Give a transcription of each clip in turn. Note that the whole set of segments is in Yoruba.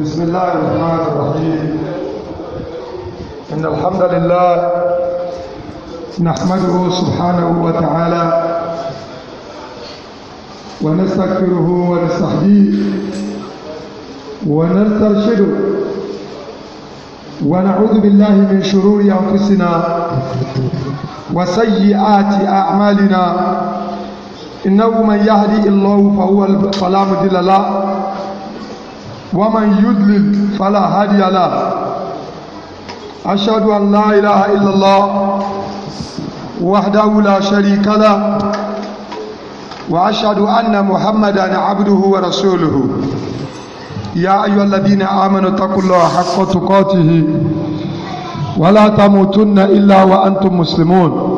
بسم الله الرحمن الرحيم إن الحمد لله نحمده سبحانه وتعالى ونستغفره ونستحديه ونسترشده ونعوذ بالله من شرور أنفسنا وسيئات أعمالنا إنه من يهدي الله فهو فلا مضل له ومن يضلل فلا هادي له أشهد أن لا إله إلا الله وحده لا شريك له وأشهد أن محمدا عبده ورسوله يا أيها الذين آمنوا اتقوا الله حق تقاته ولا تموتن إلا وأنتم مسلمون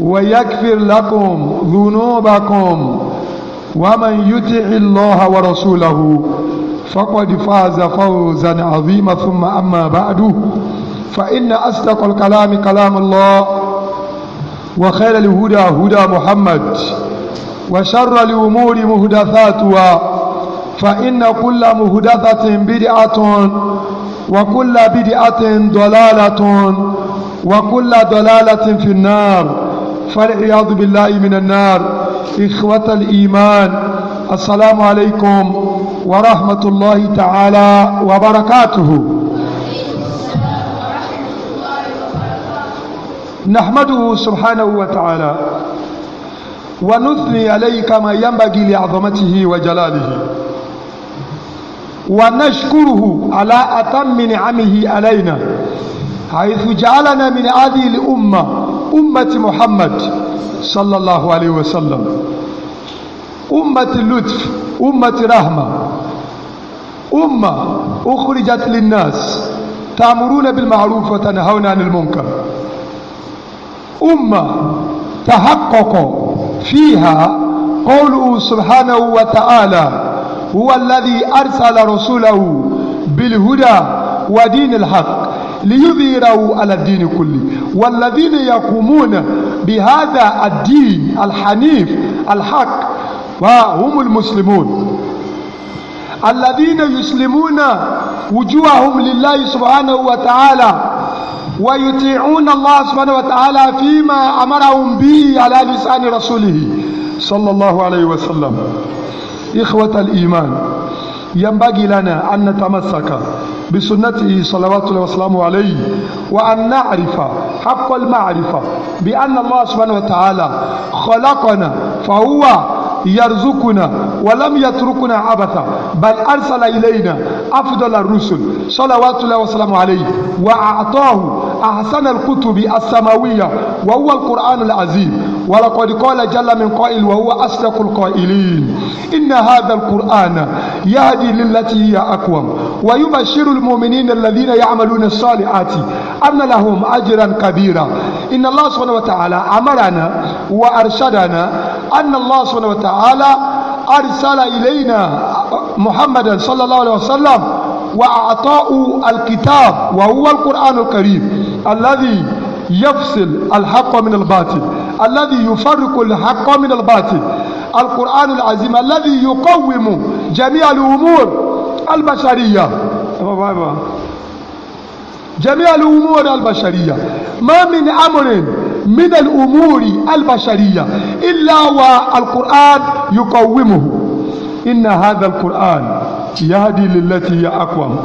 ويكفر لكم ذنوبكم ومن يطع الله ورسوله فقد فاز فوزا عظيما ثم أما بعد فإن أصدق الكلام كلام الله وخير الهدى هدى محمد وشر الأمور مهدثاتها فإن كل مهدثة بدعة وكل بدعة ضلالة وكل ضلالة في النار فالعياذ بالله من النار إخوة الإيمان السلام عليكم ورحمة الله تعالى وبركاته نحمده سبحانه وتعالى ونثني عليه كما ينبغي لعظمته وجلاله ونشكره على أتم نعمه علينا حيث جعلنا من هذه الأمة أمة محمد صلى الله عليه وسلم أمة لطف أمة رحمة أمة أخرجت للناس تأمرون بالمعروف وتنهون عن المنكر أمة تحقق فيها قوله سبحانه وتعالى هو الذي أرسل رسوله بالهدى ودين الحق ليظهره على الدين كله والذين يقومون بهذا الدين الحنيف الحق وهم المسلمون الذين يسلمون وجوههم لله سبحانه وتعالى ويطيعون الله سبحانه وتعالى فيما أمرهم به على لسان رسوله صلى الله عليه وسلم إخوة الإيمان ينبغي لنا أن نتمسك بسنته صلوات الله وسلامه عليه وأن نعرف حق المعرفة بأن الله سبحانه وتعالى خلقنا فهو يرزقنا ولم يتركنا عبثا بل أرسل إلينا أفضل الرسل صلوات الله وسلامه عليه وأعطاه أحسن الكتب السماوية وهو القرآن العظيم ولقد قال جل من قائل وهو أصدق القائلين إن هذا القرآن يهدي للتي هي أقوم ويبشر المؤمنين الذين يعملون الصالحات أن لهم أجرا كبيرا إن الله سبحانه وتعالى أمرنا وأرشدنا أن الله سبحانه وتعالى أرسل إلينا محمدا صلى الله عليه وسلم وأعطاء الكتاب وهو القرآن الكريم الذي يفصل الحق من الباطل الذي يفرق الحق من الباطل القرآن العظيم الذي يقوم جميع الأمور البشرية جميع الأمور البشرية ما من أمر من الأمور البشرية إلا والقرآن يقومه إن هذا القرآن يهدي للتي هي أقوم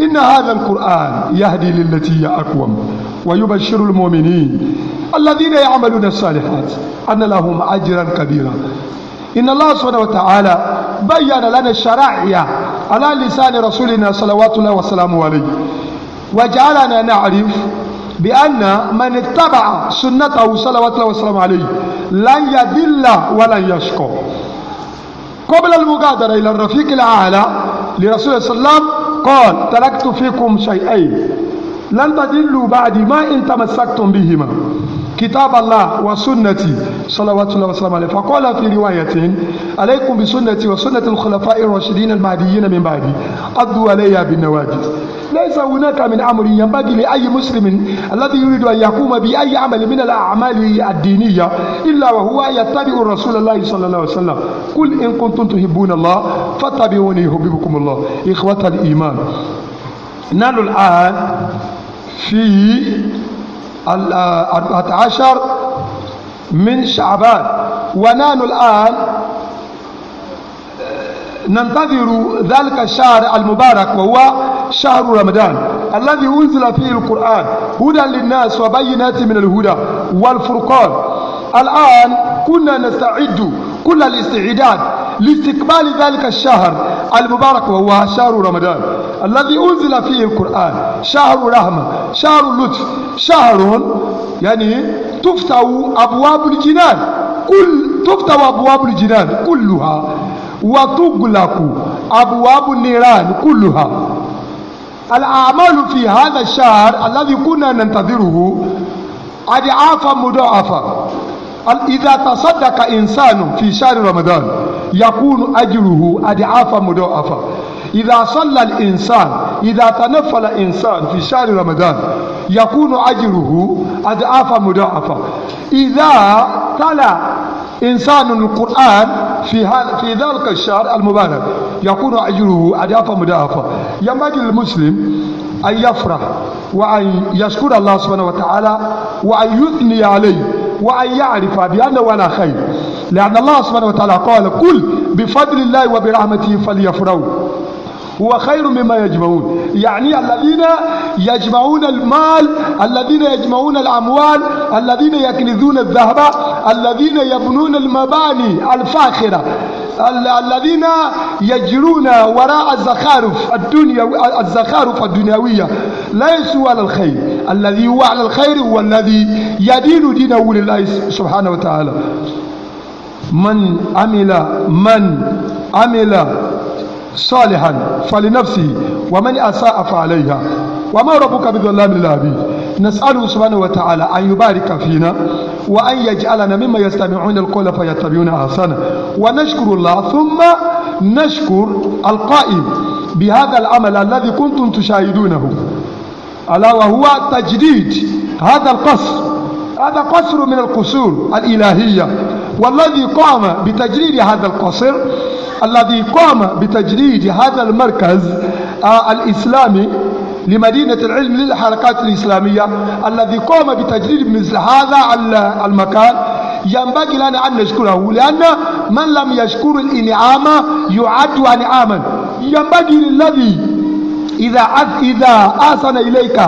إن هذا القرآن يهدي للتي هي أقوم ويبشر المؤمنين الذين يعملون الصالحات أن لهم أجرا كبيرا إن الله سبحانه وتعالى بين لنا الشرائع على لسان رسولنا صلوات الله وسلامه عليه وجعلنا نعرف بأن من اتبع سنته صلوات الله وسلامه عليه لن يذل ولا يشقى قبل المغادرة إلى الرفيق الأعلى لرسول الله صلى الله عليه وسلم قال تركت فيكم شيئين لن تدلوا بعد ما إن تمسكتم بهما كتاب الله وسنتي صلوات الله وسلامه عليه فقال في رواية عليكم بسنتي وسنة الخلفاء الراشدين المهديين من بعدي عضوا عليها بالنواجذ ليس هناك من أمر ينبغي لأي مسلم الذي يريد أن يقوم بأي عمل من الأعمال الدينية إلا وهو يتبع رسول الله صلى الله عليه وسلم قل إن كنتم تحبون الله فاتبعوني يحببكم الله إخوة الإيمان نحن الآن في الأربعة عشر من شعبان ونحن الآن ننتظر ذلك الشهر المبارك وهو شهر رمضان الذي أنزل فيه القرآن هدى للناس وبينات من الهدى والفرقان الآن كنا نستعد كل الاستعداد لاستقبال ذلك الشهر المبارك وهو شهر رمضان الذي أنزل فيه القرآن شهر رحمة شهر لطف شهر يعني تفتح أبواب الجنان كل تفتح أبواب الجنان كلها وتغلق أبواب النيران كلها الأعمال في هذا الشهر الذي كنا ننتظره أضعافا مضاعفة إذا تصدق إنسان في شهر رمضان يكون أجره أضعافا مضاعفا إذا صلى الإنسان إذا تنفل إنسان في شهر رمضان يكون أجره أضعافا مضاعفا إذا تلا إنسان القرآن في في ذلك الشهر المبارك يكون أجره أضعافا مضاعفا ينبغي للمسلم أن يفرح وأن يشكر الله سبحانه وتعالى وأن يثني عليه وأن يعرف بأنه على خير لأن الله سبحانه وتعالى قال قل بفضل الله وبرحمته فليفرحوا هو خير مما يجمعون يعني الذين يجمعون المال الذين يجمعون الأموال الذين يكنزون الذهب الذين يبنون المباني الفاخرة الذين يجرون وراء الزخارف الدنيا الزخارف الدنيوية ليسوا على الخير الذي هو على الخير هو الذي يدين دينه لله سبحانه وتعالى من عمل من عمل صالحا فلنفسه ومن أساء فعليها وما ربك بظلام للعبيد نسأله سبحانه وتعالى أن يبارك فينا وأن يجعلنا مما يستمعون القول فيتبعون أحسنه ونشكر الله ثم نشكر القائم بهذا العمل الذي كنتم تشاهدونه ألا وهو تجديد هذا القصر هذا قصر من القصور الإلهية والذي قام بتجديد هذا القصر الذي قام بتجديد هذا المركز آه، الإسلامي لمدينة العلم للحركات الإسلامية الذي قام بتجديد مثل هذا المكان ينبغي لنا أن نشكره لأن من لم يشكر الإنعام يعد أنعاما ينبغي للذي إذا إذا أحسن إليك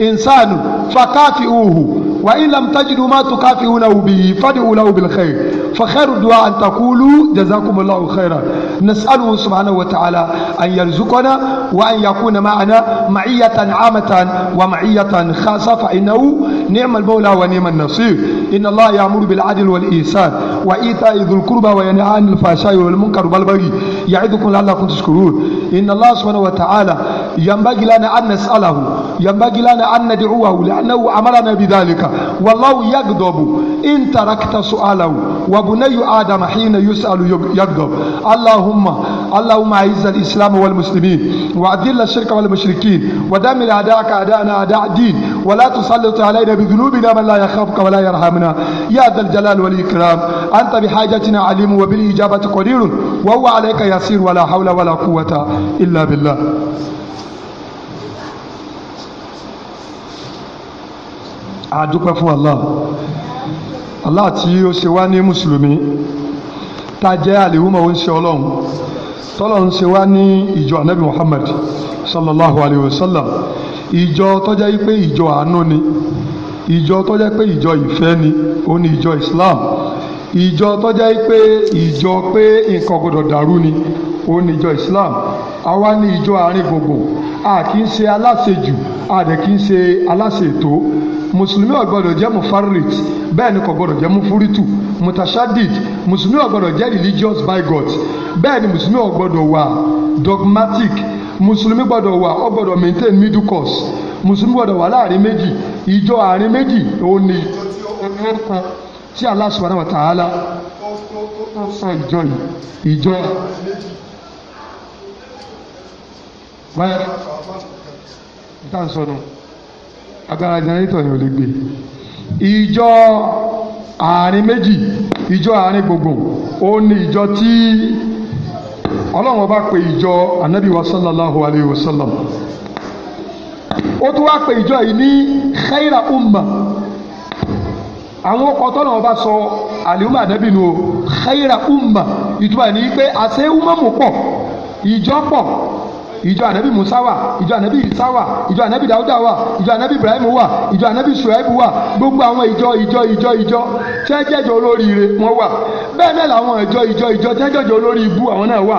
إنسان فكافئوه وإن لم تجدوا ما تكافئونه به فادعوا له بالخير فخير الدعاء أن تقولوا جزاكم الله خيرا نسأله سبحانه وتعالى أن يرزقنا وأن يكون معنا معية عامة ومعية خاصة فإنه نعم المولى ونعم النصير إن الله يأمر بالعدل والإحسان وإيتاء ذي القربى وينهى عن الفحشاء والمنكر والبغي يعظكم لعلكم تشكرون إن الله سبحانه وتعالى ينبغي لنا أن نسأله ينبغي لنا أن ندعوه لأنه أمرنا بذلك والله يغضب إن تركت سؤاله وبني آدم حين يسأل يغضب اللهم اللهم أعز الإسلام والمسلمين وأذل الشرك والمشركين ودمر أعداءك أعداءنا أعداء الدين ولا تسلط علينا بذنوبنا من لا يخافك ولا يرحمنا يا ذا الجلال والإكرام أنت بحاجتنا عليم وبالإجابة قدير وهو عليك يسير ولا حول ولا قوة إلا بالله àdúpẹ́ fún Allah Allah tí ó ṣe wá ní mùsùlùmí tá a jẹ́ àlèhùmọ̀ ó ń ṣe ọlọ́run tọ́lọ̀ ń ṣe wá ní ìjọ anabi Muhammad sallallahu alayhi wa sallam ìjọ tọ́jà yìí pé ìjọ àánú ni ìjọ tọ́jà pé ìjọ ìfẹ́ ni ó ní ìjọ Islam ìjọ tọ́jà yìí pé ìjọ pé nǹkan gbọdọ̀ dàrú ni ó ní ìjọ Islam àwa ní ìjọ àárín gbogbo a kì í ṣe aláṣejù a dẹ̀ kì í ṣe aláṣètò mùsùlùmí ò gbọ́dọ̀ jẹ́ mufarit bẹ́ẹ̀ ni kò gbọ́dọ̀ jẹ́ mufuritu mutashadid mùsùlùmí ò gbọ́dọ̀ jẹ́ religious bigot bẹ́ẹ̀ ni mùsùlùmí ò gbọ́dọ̀ wà dogmatic mùsùlùmí gbọ́dọ̀ wà ó gbọ́dọ̀ maintain middle course mùsùlùmí gbọ́dọ̀ wà láàrin méjì ìjọ àárín méjì òun ni tí Allah subhanahu wa ta'ala ó sọ ìjọ yìí ìjọ báyìí ìtàn sọnù agbára jẹnẹrétọ̀ yẹn ò lè gbé ìjọ àárín méjì ìjọ àárín gbùngbùn ó ní ìjọ tí ọlọ́run ọba pè ìjọ anabi wa sallallahu alayhi wa sallam ó tún wá pè ìjọ yìí ní khaira umma àwọn ọkọ̀ tọ́nà ọba sọ àlìhùmà anabi nu o khaira umma ìtumọ̀ ní pé àṣẹ umamu pọ̀ ìjọ pọ̀ ìjọ ànábì musa wà ìjọ ànábì isa wà ìjọ ànábì dawuda wà ìjọ ànábì ibrahim wà ìjọ ànábì suhaib wà gbogbo àwọn ìjọ ìjọ ìjọ ìjọ tẹ́jẹ́jọ olóríire wọn wà bẹ́ẹ̀ náà làwọn ìjọ ìjọ ìjọ tẹ́jẹ́jọ olórí ibú àwọn náà wà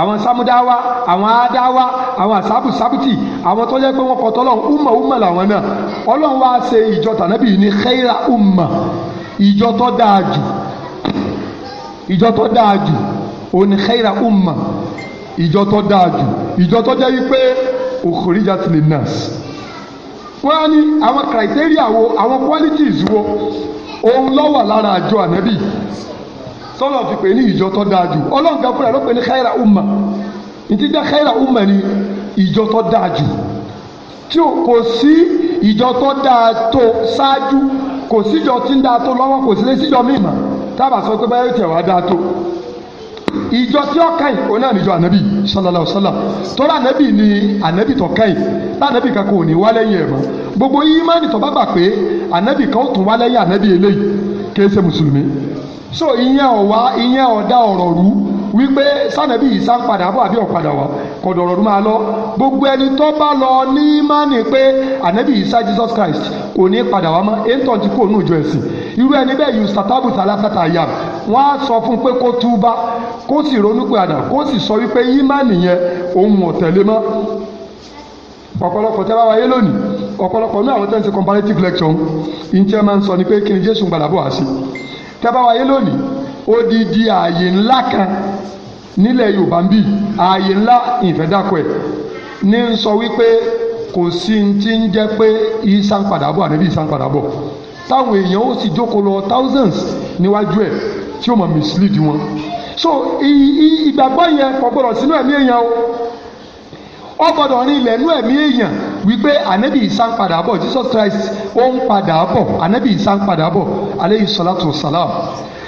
àwọn samudawa àwọn adáwa àwọn asabusabuti àwọn tó pé wọn kọ tọlọ́run umma umma làwọn náà Ọlọ́run wa ṣe ìjọ tànábì ní khaira umma ìjọ tó dáa jù ìjọ tó dáa jù òun ní khaira umma ìjọ tó dáa jù ìjọ tó jẹ́ wípé òkòríjà ti lè nurse wọ́n á ní àwọn criteria wo àwọn qualities wo òun ló wà lára àjọ ànábì tọ́lọ̀ fi pè ní ìjọ tó dáa jù ọlọ́run fúnra ló pè ní khaira umma ìdí jẹ́ khaira umma ni ìjọ tó dáa jù tí o kò sí ìjọ tó dáa tó ṣáájú kò síjọ tí ń dáa tó lọ́wọ́ kò sí lé síjọ mímọ́ tábà sọ pé báyọ̀ tẹ̀ wá dáa tó ìjọ tí ó kàn yìí òun náà níjọ ànábì sallallahu alaihi wasallam tọ́lá ànábì ni ànábì tó kàn yìí lánàbì kan kò ní wá lẹ́yìn ẹ̀ mọ́ gbogbo ìmánì tó bá gbà pé ànábì kan ó tún wá lẹ́yìn ànábì eléyìí kì í ṣe mùsùlùmí so ìyẹn ọ̀wá ìyẹn ọ̀dá ọ̀rọ̀ rú wípé sànàbí yìí sá ń padà bọ̀ àbí ọ̀padà wá kọ̀dọ̀ ọ̀rọ̀ máa lọ gbogbo ẹni tó bá lọ ní mánì pé ànábì yìí sá Jesus Christ kò ní padà wá mọ́ ètò ti kò nù ìjọ ẹ̀sìn irú ẹni bẹ́ẹ̀ yìí sàtàbùtà lásàtà yà wọ́n á sọ fún pé kó túbá kó sì ronúpìàdà kó sì sọ wípé yímánì yẹn òun ò tẹ̀lé mọ́ ọ̀pọ̀lọpọ̀ tẹ́ bá wáyé lónìí ọ̀pọ̀lọpọ̀ ní àwọn tẹ́ǹsì comparative lecture ń tí ẹ máa ń sọ ni pé kí ni Jésù gbàdá bò wá sí tẹ́ bá wáyé lónìí odidi ààyè ńlá kan nílẹ̀ Yorùbá ń bì ààyè ńlá ìfẹ́dàkọ̀ ní ń sọ wípé kò sí ti ń jẹ́ pé ìsànpadàbọ̀ àdébí ìsànpadàbọ̀ táwọn èèyàn ó sì jókòó lọ thousands níwájú ẹ̀ tí ó mọ̀ mislead wọn so ìgbàgbọ́ yẹn kò gbọdọ̀ sínú ẹ̀mí èèyàn o ó gbọdọ̀ rin ilẹ̀ nú ẹ̀mí èèyàn wípé ànábì ìsá ń padà bọ̀ Jesus Christ ó ń padà bọ̀ ànábì ìsá ń padà bọ̀ aleyhi salatu wa salam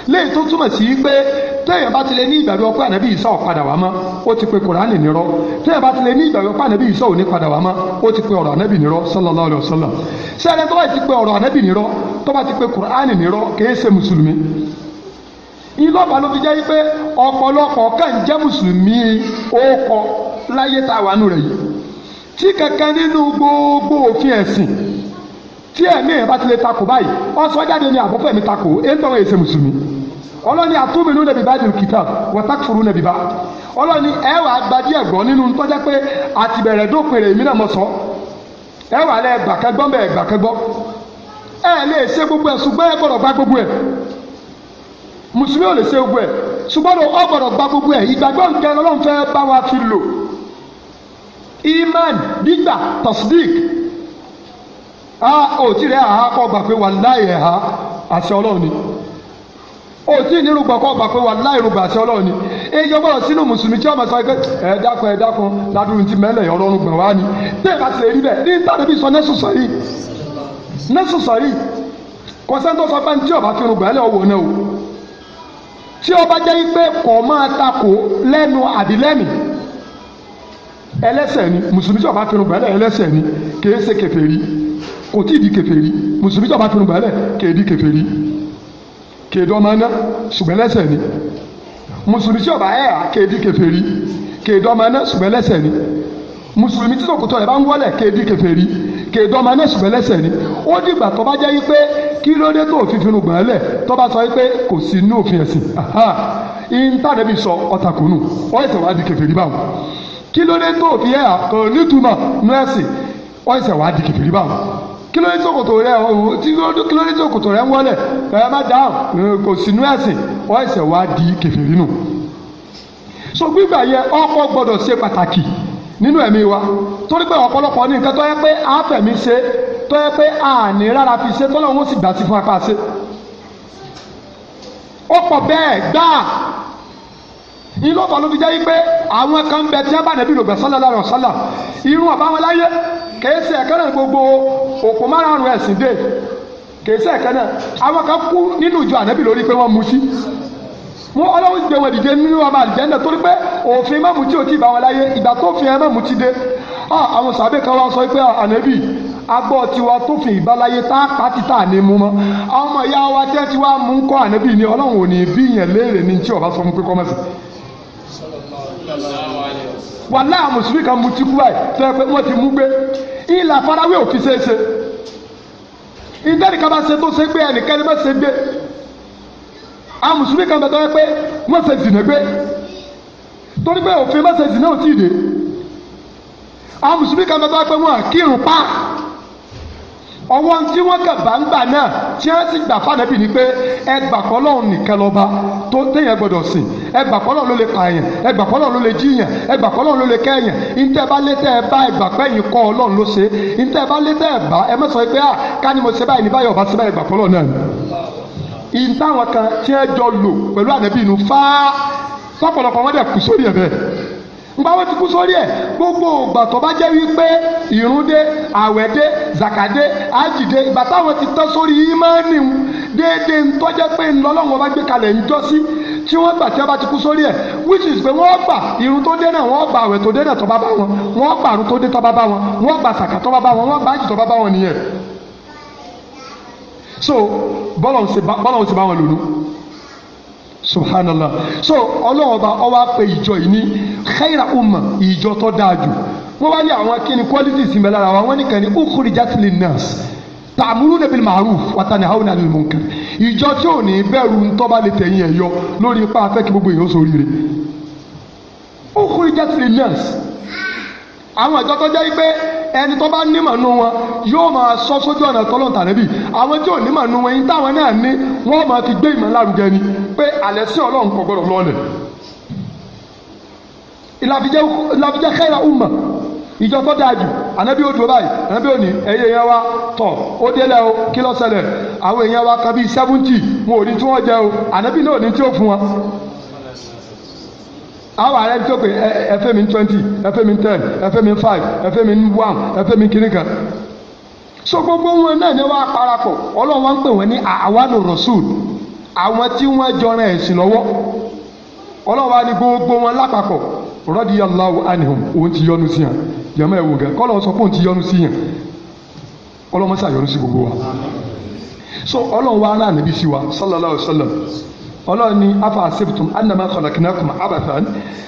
léyìí tó túmọ̀ sí pé téèyàn bá ti lè ní ìgbàgbọ́ pé ànábì Ìsá ò padà wá mọ́ ó ti pe kùránì nírọ́ téèyàn bá ti lè ní ìgbàgbọ́ pé ànábì Ìsá ò ní padà wá mọ́ ó ti pe ọ̀rọ̀ ànábì nírọ́ sallallahu alaihi wasallam sẹ́yìn tó bá ti pe ọ̀rọ̀ ànábì nírọ́ tó bá ti pe kùránì nírọ́ kìí ṣe mùsùlùmí ilé ọba ló fi jẹ́ pé ọ̀pọ̀lọpọ̀ kàn jẹ́ mùsùlùmí ókọ tí ẹ̀mí yẹn bá ti lè takò báyìí ọ̀sán jáde ní àbọ̀fẹ́ mi takò èyí tó ń èsè mùsùlùmí ọlọ́ni àtúmínú nàbí bá dùn kìtà wọ́tàkùrù nàbí bá ọlọ́ni ẹ wà gbadí ẹ̀gbọ́n nínú tọ́jà pé àtìbẹ̀rẹ̀ dópèrè èmi náà mọ̀ sọ ẹ wà lẹ gbàkẹ́gbọ́n bẹ́ẹ̀ gbàkẹ́gbọ́ ẹ lè ṣe gbogbo ẹ̀ ṣùgbọ́n ẹ gbọ́dọ̀ gba gbogbo ẹ̀ mùsùlùmí ò lè ṣe gbogbo ẹ̀ ṣùgbọ́n ọ gbọ́dọ̀ gba gbogbo ẹ̀ ìgbàgbọ́ nǹkan ọlọ́run fẹ́ bá wa fi lò iman gbígbà tasdik a ah, òtí rẹ̀ àhá kọ́ gbà pé wà láì ẹ̀há àṣẹ ọlọ́run ni òtí nírúgbà kọ́ gbà pé wà láì rúgbà àṣẹ ọlọ́run ni èyí ọgbọ́dọ̀ sínú mùsùlùmí tí ọmọ sọ pé ẹ dákun ẹ dákun ládùúgbò ti mẹ́lẹ̀ ọlọ́run gbọ̀n wá ni bẹ́ẹ̀ bá ti lè rí bẹ́ẹ̀ ní tàbí sọ necessary necessary kọ́sẹ́ńtò sọ pé tí ọba kírun gbà ẹ lẹ́ o tí ọba jẹ́ pé kọ̀ máa takò lẹ́nu àbí lẹ́mìí ẹlẹ́sẹ̀ ni mùsùlùmí tí ọba kírun gbà ẹ ni kì í ṣe kèfèrí kò tí ì di kèfèrí mùsùlùmí tó bá fi rúgbà lẹ̀ kè é di kèfèrí kè é dọ́mọ ná ṣùgbọ́n lẹ́sẹ̀ ni mùsùlùmí tí ó bá ẹ̀rà kè é di kèfèrí kè é dọ́mọ ná ṣùgbọ́n lẹ́sẹ̀ ni mùsùlùmí tí tòkòtò rẹ̀ bá ń wọlẹ̀ kè é di kèfèrí kè é dọ́mọ ná ni ó dìgbà tó bá jẹ́ yí kí ló dé tó fi fi rúgbà tó bá sọ yí kò sí inú òfin ẹ̀sìn ìntànẹ́bí sọ ọ̀tàkùnù ọ̀ẹ́sẹ̀ wá di kèfèrí báwọn kí ló ní ṣòkòtò rẹ ọ̀hún kí ló ní ṣòkòtò rẹ ń wọlé ẹ má dáhùn kò sínú ẹ̀sìn ọ ẹ̀sẹ̀ wá di kẹfìrí nù. so gbígbà yẹ ọkọ gbọ́dọ̀ ṣe pàtàkì nínú ẹ̀mí wa torí pé ọ̀pọ̀lọpọ̀ ní nǹkan tó yẹ pé àfẹ̀mí ṣe tó yẹ pé àní rárá fi ṣe tọ́lọ́run ó sì gbà sí fún apá ṣe. ó pọ̀ bẹ́ẹ̀ gbáà ilé ọ̀tọ̀ ló fi jẹ́ wípé àwọn kan bẹ tí wọ́n bá nẹ́bí lògbà sálà lára ọ̀sálà irun àbáwọn láyé kèé ṣe ẹ̀kẹ́ náà gbogbo òpó márùn-ún ẹ̀sìn dé kèsì ẹ̀kẹ́ náà àwọn kan kú nínú ìjọ ànábì lórí pé wọ́n mu sí wọn ọlọ́run gbé wọn dìde nínú ọmọ àlìjẹ́ndà torí pé òfin mọ́mú tí ò tí ì bá wọn láyé ìgbà tó fi ẹ mọ́mú ti dé àwọn sàbẹ̀ kan wá sọ pé ànábì agbọ́ tiwa tó fi ìbáláyé tá a pa títà ní mú mọ́ àwọn ọmọ ìyá wa tẹ́ tiwa mú kọ́ ànábì ni ọlọ́run ò ní bí yẹn léèrè ní tí ọba sọ fún pé kọ́mẹ́sì. wàhálà mùsùlùmí kan mu ti kú báyìí tẹ́ pé wọ́n ti mú gbé ilà farawé òfin ṣe é ṣe ìdẹ́nìkan bá ṣe tó ṣe gbé ẹnìkan ní bá ṣe gbé àwọn mùsùlùmí kan bẹ̀tọ́ pé wọ́n ṣe zìnà gbé torí pé òfin bá ṣe zìnà ò tí ì dé àwọn mùsùlùmí kan bẹ̀tọ́ pé wọ́n kírun pa ọwọ́ tí wọ́n kà bá ń gbà náà tí wọ́n sì gbà fànẹ́bì ni pé ẹ gbà kọ́ lọ́hùn nìkan lọ́ba tó téèyàn gbọ́dọ̀ sìn ẹ gbà kọ́ lọ́hùn ló lè pààyàn ẹ gbà kọ́ ló lè jíyàn ẹ ló lè kẹ́yàn ìtẹ́ bá lé ẹ bá ẹ kọ́ ọlọ́run ló ṣe ìtẹ́ bá lé ẹ bá ẹ mọ̀ pé à ni mo ṣe báyìí ní báyọ̀ bá ṣe báyìí gbà kọ́ lọ́hùn náà ìtàwọn kan tí wọ́n jọ lò pẹ̀lú ànẹ́bí inú fáá sọ́pọ̀lọpọ̀ wọ́n dẹ̀ nígbà wọn ti kú sórí ẹ̀ gbogbo ìgbà tó bá jẹ́ wípé ìrun dé àwẹ̀ dé ìgbà táwọn ti tán sórí ìmánì ń déédéé ń pé ńlọ́lọ́wọ́n bá gbé kalẹ̀ ń tí wọ́n gbà tí wọ́n bá ti kú sórí ẹ̀ which is pé wọ́n gbà irun tó dé náà wọ́n gbà àwẹ̀ tó dé náà tó bá bá wọn wọ́n gbà irun tó dé tó bá bá wọn wọ́n gbà sàkà tó bá bá wọn wọ́n gbà ájì tó bá bá wọn nìyẹn so bọ́lọ̀ ń subhanallah so ọlọ́run ọba ọba pe ìjọ yìí ní khaira umma ìjọ tó dáa jù wọ́n wá ní àwọn kíni qualities ń bẹ lára wa wọ́n ní kàn ní ukhrijat lin nas ta'muruna bil ma'ruf wa tanahawna 'anil munkar ìjọ tí ò ní bẹ̀rù ntọ́ba lè tẹ̀yìn ẹ̀ yọ lórí ipa afẹ́ kí gbogbo èèyàn sórí rẹ̀ ukhrijat lin nas àwọn ìjọ tó jẹ́ pé ẹni tó bá nímọ̀ nù wọn yóò máa sọ sójú ọ̀nà tọ́lọ́ntàrẹ́bì àwọn tí ò nímọ̀ nù wọn yín táwọn náà ní wọ́n máa ti gbé ìmọ̀ lárugẹ ni pé àlẹ́ sí ọlọ́run kò gbọ́dọ̀ lọ́ọ̀lẹ̀ ìlàfíjẹ́ kẹ́ra ùmà ìjọ tó dáa jù ànábì ó dúró báyìí ànábì ó ní ẹyẹ yẹn wá tọ̀ ó délẹ̀ o kí ló ṣẹlẹ̀ àwọn èèyàn wa kan bíi sẹ́fúntì wọn ò ní tí wọ́n jẹ o ànábì náà ò ní tí ó fún wọn àwọn ààrẹ tó pé ẹfẹ mi twenty ẹfẹ mi ten ẹfẹ mi five ẹfẹ mi one ẹfẹ mi kiri kan so gbogbo wọn náà ni wọn á parapọ̀ ọlọ́run wọn ń pè wọn ní àwa lò rọ̀ṣùlù àwọn tí wọ́n jọran ẹ̀sìn lọ́wọ́ ọlọ́wà ni gbogbo wọn lápapọ̀ radiyallahu anhum òun ti yọ́nú sí yàn jẹ́mọ́ ẹ̀wò gẹ̀ kọ́lọ́ sọ pé ti yọ́nú sí yàn ọlọ́mọsà yọ́nú sí gbogbo wa so ọlọ́run wa ara nàbí sí wa sallallahu alayhi wa afa asibtum annama khalaqnakum abathan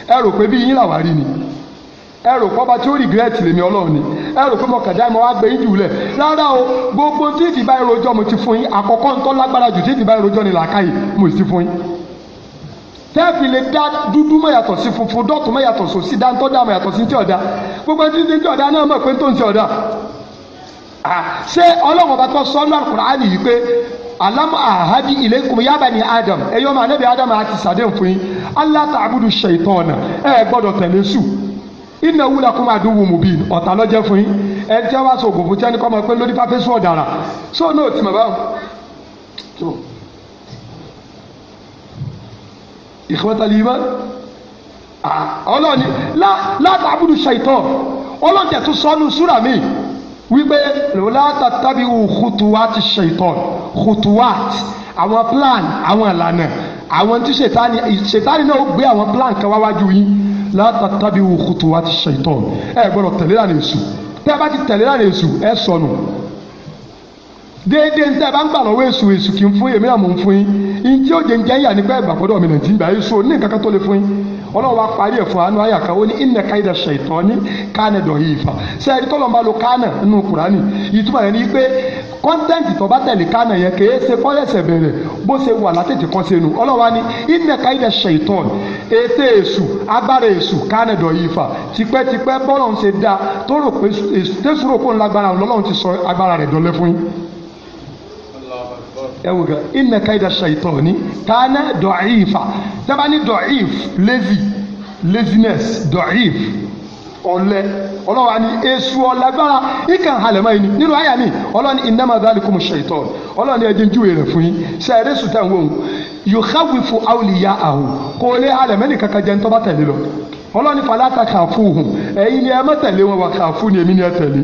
ẹ rò pé bí yín làwárí ni. ẹrù kọ́ba tí ó rìgírẹ́tì lèmi ọlọ́run ni ẹrù pé mo kàdá mo wá gbé yín jùlẹ̀ rárá o gbogbo tí ìdìbà ìrojọ́ mo ti fún yín àkọ́kọ́ ń tọ́ lágbára jù tí ìdìbà ìrojọ́ ni làákàyè mo ti fún yín. tẹ́ẹ̀fì lè dá dúdú yàtọ̀ sí funfun yàtọ̀ gbogbo tí ti ọ̀dà náà mọ̀ pé ń ti ọ̀dà. alam ahadi adam adam àti sàdéhùn fún yín ẹ̀ gbọ́dọ̀ tẹ̀lé sùn iná wúlò kó máa dúnwó mú bíi ọ̀tá lọ́jẹ́ fún yín ẹni tí wọ́n bá sọ ògùn fún tíyẹ́nì kọ́ máa pé lórí fáfẹ́ sún ọ̀daràn so náà ti mọ̀ báwọn. ìkọ́tàlì yìí máa ọlọ́ọ̀ni látàbùdù ṣàìtọ́ ọlọ́ọ̀tẹ̀ tún sọ́nù súrà mi wípé látàbí hùtùwàtì ṣàìtọ́ hùtùwàtì àwọn plan àwọn ìlànà àwọn tí ṣètánì ṣètánì náà ó gbé àwọn plan kan wáwájú yín látàtàbí wò kùtù wá ti ṣètọ́ ẹ gbọ́dọ̀ tẹ̀lé lánàá èṣù tẹ́ bá ti tẹ̀lé lánàá èṣù ẹ sọnù déédéé ntẹ́ bá ń gbà lọ́wọ́ èsù èsù kì í fún èmi àmọ́ fún yín njẹ́ òjè ń jẹ́ yà nígbà ìgbà fọ́dọ̀ mi nàìjíríà èso ní nǹkan kan tó lè fún yín ọlọ́run wa parí ẹ̀ fún anú àyàká ó ní inna kaida shaitani kana doifa sẹ́ẹ̀dí tọ́lọ́ bá lo kánà nínú kùránì ìtumọ̀ yẹn ni pé kọ́ńtẹ́ǹtì tó bá tẹ̀lé kánà yẹn kèé ṣe kọ́lẹ́sẹ̀ bẹ̀rẹ̀ bó ṣe wà látètè kọ́ sẹ́nu ọlọ́run wa ní inna kaida shaitani ètè èṣù agbára èṣù kánà doifa tipẹ́tipẹ́ bọ́lọ̀ ń ṣe dáa tó rò pé tẹ́sùrò kó ńlágbára ọlọ́run ti sọ agbára rẹ̀ dọ́lẹ́ fún yín ẹwù gan kaida káyidà ṣàìtàn ni kánà dọ̀ìfà dábà dọ̀ìf lazy laziness dọ̀ìf ọ̀lẹ ọlọ́wà ni èṣù ọ̀lágbára ìkàn halẹ̀mọ́ yìí nínú àyà mi ọlọ́ni innama dhalikum ṣàìtàn ọlọ́ni ẹ̀jẹ̀ ń júwèé rẹ̀ fún yín ṣe eré sùtẹ̀ ń wò ó yóò khawwifu awliya'ahu kò lè halẹ̀mọ́ nìkan kan jẹ́ ń tọ́ba tẹ̀lé lọ ọlọ́ni falata kàfú hùn ẹ̀yin ni ẹ ni èmi ni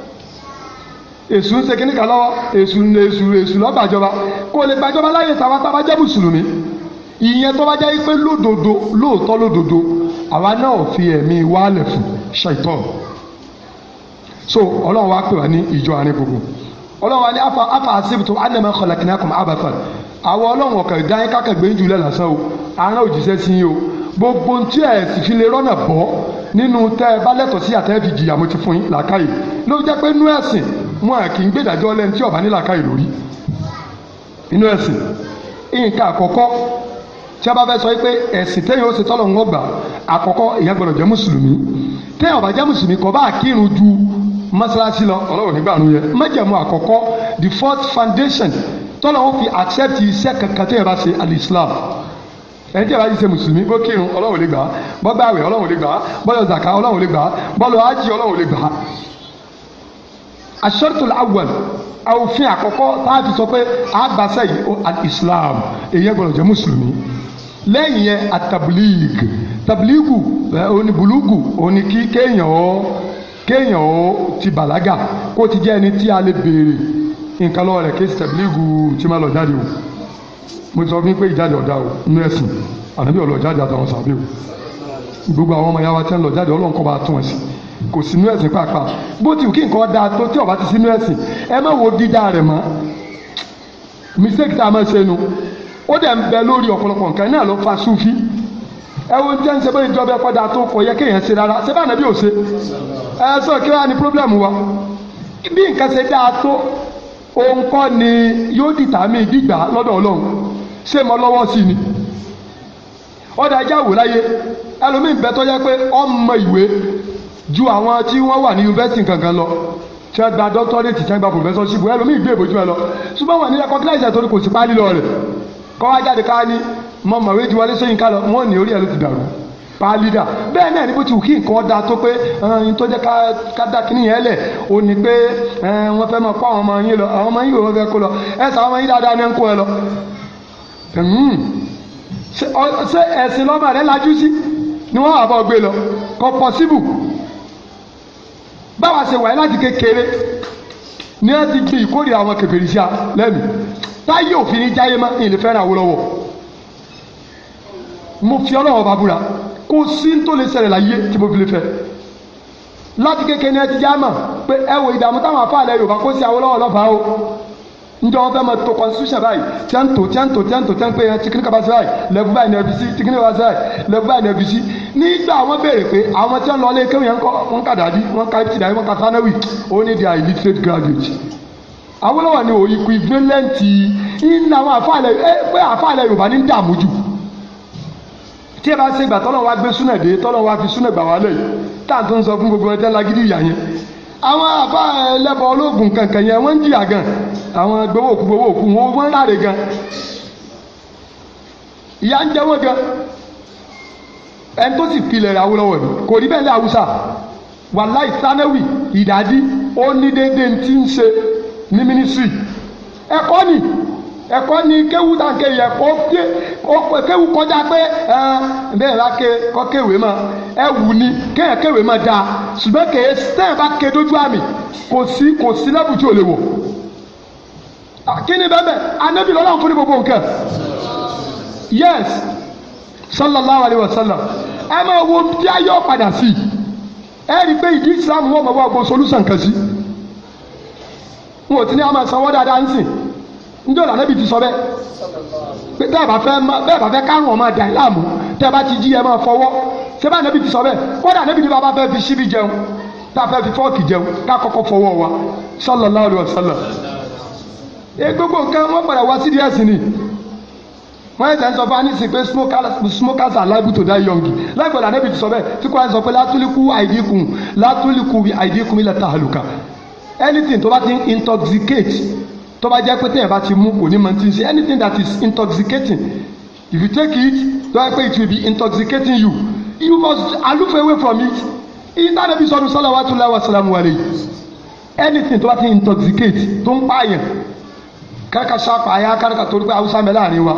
èṣù ń ṣe kíní kan lọ́wọ́ èṣù èṣù èṣù lọ́gbàjọba kó lè gbàjọba láyè tàwa tá a bá jẹ́ mùsùlùmí ìyẹn tó bá jẹ́ pé lódodo lóòótọ́ lódodo àwa náà fi ẹ̀mí wálẹ̀ fún ṣàìtọ́ so ọlọ́run wa pè wá ní ìjọ àárín gbogbo ọlọ́run wa ní afa afa asibtu annama khalaqnakum abathan àwọn ọlọ́run ọ̀kẹ́ dáyé kákẹ́gbé ń julẹ̀ lásán o àárín òjíṣẹ́ sí yín o gbogbo tí ẹ̀ sì fi lè rọ́nà bọ́ nínú tẹ́ ẹ bá lẹ́tọ̀ọ́ sí àtẹ́ fi ti fún yín làákàyè ló jẹ́ pé nú ẹ̀sìn wọn à kì í gbèdàjọ́ lẹ́ni tí ọ̀bá nílà ká ìlórí inú ẹ̀sìn nǹkan àkọ́kọ́ tí a bá fẹ́ sọ pé ẹ̀sìn téèyàn ó ṣe tọ́lọ̀ ń gbà àkọ́kọ́ èèyàn gbọ́dọ̀ jẹ́ mùsùlùmí téèyàn ọ̀bá jẹ́ mùsùlùmí kọ́ bá kírun ju mọ́ṣáláṣí lọ ọlọ́run nígbà nu yẹn májẹ̀mú àkọ́kọ́ the fourth foundation tọ́lọ̀ ó fi accept iṣẹ́ kankan téèyàn bá ṣe al-Islam ẹni tí a bá ti ṣe mùsùlùmí bó kírun ọlọ́run lè gbà bó gbààwẹ̀ ọlọ́run lè gbà bó yọ zàká ọlọ́run lè gbà bó lọ ájì ọlọ́run lè gbà ashartul awwal òfin àkọ́kọ́ tá a ti sọ pé àbàṣà yìí ó al-islam èyí ẹ gbọ́dọ̀ jẹ́ mùsùlùmí lẹ́yìn yẹn atabilig tabiligu onibulugu eh, oni kí kéèyàn ó kéèyàn ó ti bàlágà kó ti jẹ́ ẹni tí a lè béèrè nǹkan lọ́wọ́ rẹ̀ kéèsì tabiligu tí máa lọ jáde o mo sọ fún mi pé ìjáde ọ̀dà o nú ẹ̀sìn ànábì ọ̀lọ́ jáde àtàwọn sàbẹ̀ o gbogbo àwọn ọmọ yàrá tí wọ́n lọ jáde ọlọ́nkọ́ bá tún ẹ̀sìn kò sínú ẹ̀sìn pàápàá bó ti wù kí nǹkan dáa tó tí ó bá ti sínú ẹ̀sìn ẹ má wo dídá rẹ̀ mọ́ mistake tá a máa ṣe nu ó dẹ̀ ń bẹ lórí ọ̀pọ̀lọpọ̀ nǹkan náà ló fa sufi ẹ wo jẹ́ ń ṣe bóyá ìjọba ẹ̀kọ́dà tó kọ̀ yẹ kéèyàn ṣe rárá ṣé bá nàbí ò ṣe ẹ sọ kí wàá ní problem wa bí nǹkan ṣe dáa tó òun kọ́ ni yóò dìtàmí gbígbà lọ́dọ̀ ọlọ́run ṣé mo lọ́wọ́ sí ni ọ̀dà ẹja wò láyé ẹlòmíín bẹ tó yẹ pé ọmọ ìwé ju àwọn tí wọ́n wà ní yunifásitì kankan lọ tí wọ́n gba doctorate tí wọ́n gba professorship ẹ lómi ìgbé ìbòjú ẹ lọ ṣùgbọ́n wọn ní recognize ẹ̀ torí kò sí páálí lọ rẹ̀ kọ́ wá jáde ká ní mọ mọ̀wé ju wọlé sóyìn ká lọ wọ́n ní orí ẹ̀ ló ti dàrú páálí dà bẹ́ẹ̀ náà ní bó ti wù kí nǹkan da tó pé ẹn tó jẹ́ ká dá kíní yẹn lẹ̀ ó ní pé wọ́n fẹ́ máa kó àwọn ọmọ yín lọ possible báwa ṣe wáyé láti kékeré ní ẹ ti gbin ìkórìíra àwọn kèfèrí sí a lẹ́nu táyé òfin ní jáyé má ìlú fẹ́ràn Awólọ́wọ̀ mo fi ọlọ́wọ́ bá búra kó sí tó lè ṣẹlẹ̀ láyé tí mo fi lè fẹ́ láti kékeré ní ẹ ti já mà pé ẹ wò ìdààmú táwọn afáàlẹ́ Yorùbá kó sí Awólọ́wọ̀ lọ́fàá o njọ́ wọn fẹ́ máa to constitution báyìí tí wọ́n tó tí wọ́n tó tí wọ́n tó tí wọ́n pé tikini kaba sí báyìí lẹ́fù báyìí lẹ́fù sí tikini kaba sí báyìí lẹ́fù báyìí lẹ́fù sí. nígbà wọn béèrè pé àwọn tí wọ́n kéwìn yẹn wọ́n kà dàdí wọ́n kà ti dàdí wọ́n kà sanawi ó ní di illiterate graduate. Awólọ́wọ̀ ni òyìnbó equivalent iná àwọn àfàlẹ́ ẹ pé àfàlẹ́ Yorùbá ní dààmú jù tí ẹ bá ṣe gbà tọ́lọ́ wa gbé súnà dé tọ́lọ́ wa fi súnà gbà wálẹ̀ àwọn àbá ẹlẹ́bọ ológun kankan yẹn wọ́n ń jìyà gan àwọn gbowóku gbowóku wọn wọ́n ń láre gan ìyá ń jẹ wọ́n gan ẹni tó sì pilẹ̀ ìyàwó lọ́wọ́ ni kò rí bẹ́ẹ̀ lé haúsá wàláì sanẹ́wì ìdádí ó ní déédéé ti ń ṣe ní mínísírì ẹ̀kọ́ ni ẹ̀kọ́ ni kéwù tá a yẹ kó ké kéwù kọjá pé ẹ bẹ́ẹ̀ la ké kọ́ kéwèé mọ́ ẹ wù ni kéèyàn kéwèé mọ́ dáa ṣùgbọ́n kéè sẹ́yìn bá ké dójú àmì kò sí kò sí lẹ́bù tí ò lè wò kíni bẹ́ẹ̀ bẹ́ẹ̀ anabi lọ́la ń fún ní gbogbo nǹkan yes sallallahu alayhi wa sallam ẹ máa wo bí a yọ padà sí ẹ rí i pé ìdí islam wọ́n mọ̀ wá gbọ́ solution kan sí n ò tí ní a máa sanwó dáadáa ń sìn njọ́ lànà bìí ti sọ bẹ́ẹ̀ pé tẹ́ ẹ bá fẹ́ bẹ́ẹ̀ bá fẹ́ kárùn ọmọ dà láàmú tẹ́ ẹ bá ti jí ẹ máa fọwọ́ ṣé bá nàbì ti sọ bẹ́ẹ̀ kódà nàbì ni bàbá fẹ́ fi ṣíbí jẹun tá a fẹ́ fi fọ́ọ̀kì jẹun ká kọ́kọ́ fọwọ́ wa sallallahu alaihi wasallam. ẹ gbogbo nǹkan wọ́n padà wá sídìí ẹ̀sìn ni wọ́n yẹ sẹ́yìn sọ fún anisi pé smokers are liable to die young láìpẹ́ lànà ibi ti sọ bẹ́ẹ̀ tí kò sọ pé látúlíkù àìdíkùn látúlíkù àìdíkùn ilẹ̀ tàhálùkà anything tó bá ti intoxicate tó bá jẹ́ pé téèyàn bá ti mú kò ní mọ̀ tí ń ṣe anything that is intoxicating if you take it tó bá jẹ́ pé it will be intoxicating you you must aloof away from it ìtàdé bí sọnù sọlá wa tó sàlámù wàlẹ anything tó ti intoxicate tó ń pààyàn kárìkà sápà ayá kárìkà torí pé haúsá mẹ láàrin wa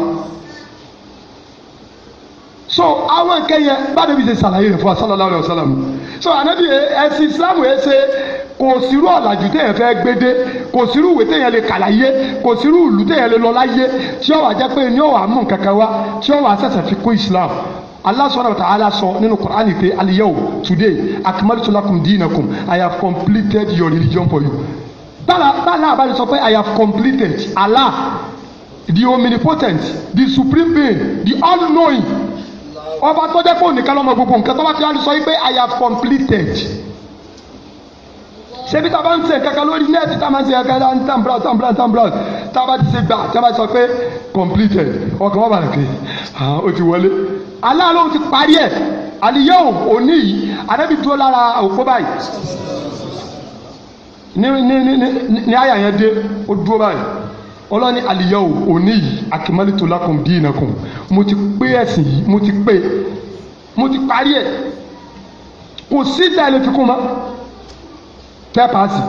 so àwọn kẹyẹ bá débi ṣe sàlàyé rẹ fún wa sọlá wa sàlámù so ànábì ẹsìn islam ẹ ṣe kò sírú ọ̀làjú téèyàn fẹ́ gbédé kò sírú ìwé téèyàn lè kà láyé kò sírú ìlú téèyàn lè lọ láyé tí ó jẹ́ pé ní ó mú nǹkan wá tí ó sẹ̀sẹ̀ fi kó Islam Allah subhanahu wa nínú Quran pé al today akmaltu dinakum I have completed your religion for you. Bala Bala Abadi sọ pé I have completed Allah the omnipotent the supreme being the all-knowing ọba tó jẹ́ pé kálọ́mọ gbogbo nǹkan tó bá ti wá sọ pé I have completed ṣebí tá a bá ń ṣe kankan lórí nẹ́ẹ̀tì tá a máa ń ṣe kankan tá a ń brown tá a ń brown tá a ń ti ṣe gbà tá sọ pé completed ọkàn wà bàrẹ̀ pé O ti wọlé aláàlọ́ òun ti parí ẹ̀ àlìyé òun òní yìí àdẹ́bí dúró lára òpó báyìí ní ní ní ní àyà yẹn dé ó dúró báyìí ọlọ́ni àlìyé òun òní yìí akimálítò lákùn díì nàkùn mo ti pé ẹ̀sìn yìí mo ti pé mo ti parí ẹ̀ kò sí ìdá ẹ̀ lè fi kún mọ́ tẹ́pàsì